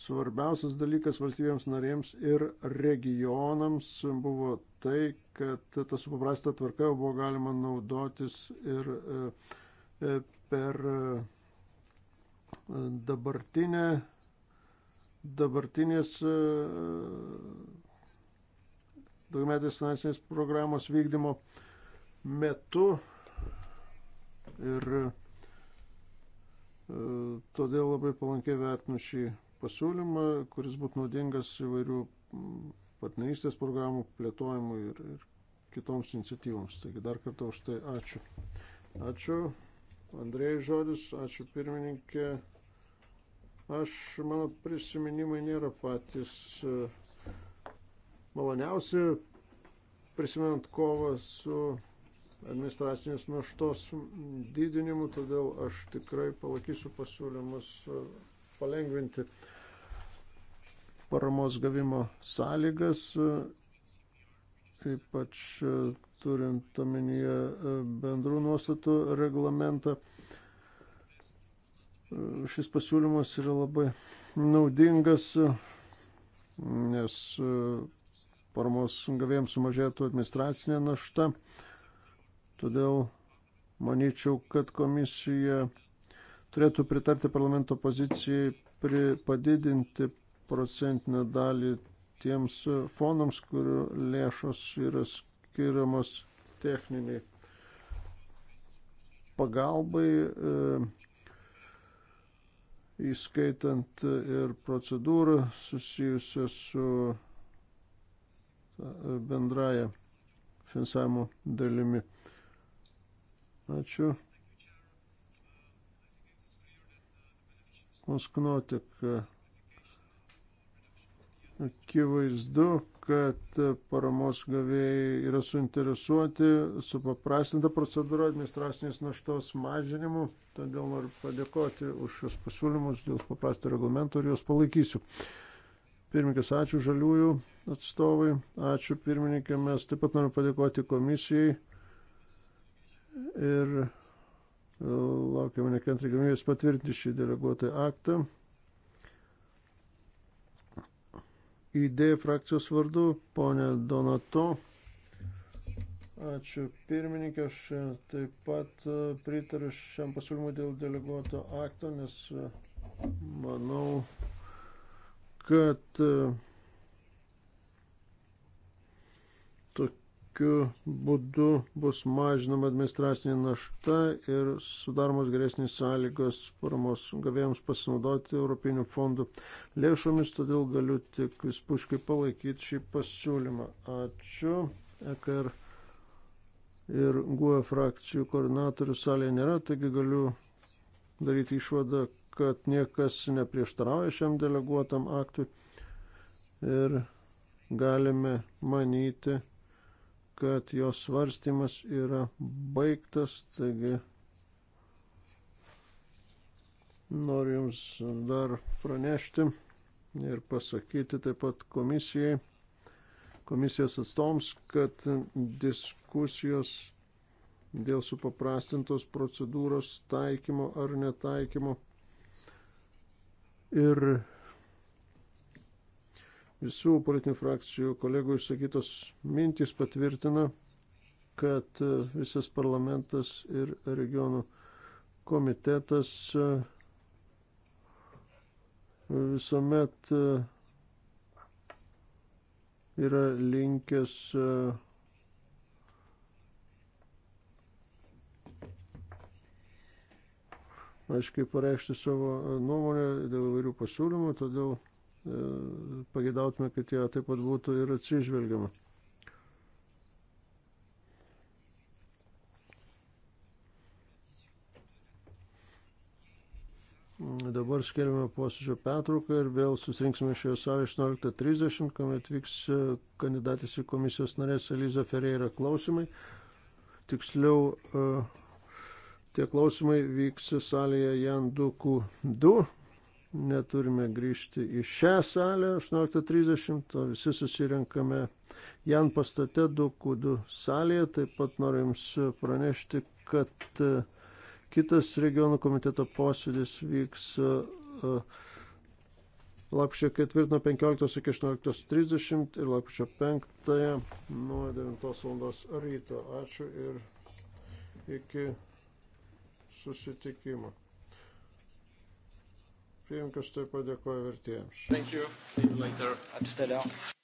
svarbiausias dalykas valstybėms narėms ir regionams buvo tai, kad tą supaprastą tvarką jau buvo galima naudotis ir e, e, per e, dabartinę, dabartinės daugmetės finansinės programos vykdymo metu ir todėl labai palankiai vertinu šį pasiūlymą, kuris būtų naudingas įvairių partnerystės programų plėtojimui ir, ir kitoms iniciatyvoms. Taigi dar kartą už tai ačiū. Ačiū. Andrėjai žodis, ačiū pirmininkė. Aš, mano prisiminimai nėra patys e, maloniausi, prisimint kovą su administracinės naštos didinimu, todėl aš tikrai palaikysiu pasiūlymus e, palengvinti uh, paramos gavimo sąlygas, ypač e, turint omenyje e, bendrų nuostatų reglamentą. E, šis pasiūlymas yra labai naudingas, nes paramos gavėjams sumažėtų administracinė našta. Todėl manyčiau, kad komisija turėtų pritarti parlamento pozicijai padidinti procentinę dalį tiems fondams, kurių lėšos yra skiriamos techniniai pagalbai, e, įskaitant ir procedūrą susijusią su e, bendraja finansavimo dalimi. Ačiū. Mums knotik. Akivaizdu, kad paramos gavėjai yra suinteresuoti su paprastinta procedūra administracinės naštos mažinimu, todėl noriu padėkoti už šios pasiūlymus dėl paprasto reglamento ir juos palaikysiu. Pirmininkas, ačiū žaliųjų atstovai, ačiū pirmininkė, mes taip pat noriu padėkoti komisijai ir e, laukiame nekantri galimybės patvirtinti šį deleguotą aktą. ID frakcijos vardu, ponė Donato. Ačiū pirmininkė, aš taip pat e, pritariu šiam pasiūlymui dėl deleguoto akto, nes e, manau, kad e, tokiu būdu bus mažinama administracinė našta ir sudaromos geresnės sąlygos paramos gavėjams pasinaudoti Europinių fondų lėšomis, todėl galiu tik vispuškai palaikyti šį pasiūlymą. Ačiū. EKR ir GUE frakcijų koordinatorių salėje nėra, taigi galiu daryti išvadą, kad niekas neprieštarauja šiam deleguotam aktui ir galime manyti, kad jos svarstymas yra baigtas, taigi noriu Jums dar pranešti ir pasakyti taip pat komisijai, komisijos atstoms, kad diskusijos dėl supaprastintos procedūros taikymo ar netaikymo ir Visų politinių frakcijų kolegų išsakytos mintys patvirtina, kad e, visas parlamentas ir regionų komitetas e, visuomet e, yra linkęs aiškiai pareikšti savo nuomonę dėl įvairių pasiūlymų, todėl E, pagėdautume, kad jie taip pat būtų ir atsižvelgiama. Dabar skelbime posėdžio pertrauką ir vėl susirinksime šioje salėje 18.30, kuomet vyks e, kandidatės į komisijos narės Eliza Ferreira klausimai. Tiksliau, e, tie klausimai vyks salėje Jan 2Q2 neturime grįžti į šią salę 18.30, o visi susirinkame Jan pastate 2Q2 salėje. Taip pat noriu Jums pranešti, kad e, kitas regionų komiteto posėdis vyks e, lapkričio 4 nuo 15 iki 18.30 ir lapkričio 5 nuo 9 val. ryto. Ačiū ir iki susitikimo. Pirmininkas taip padėkoja vertėjams. Thank you. See you later. At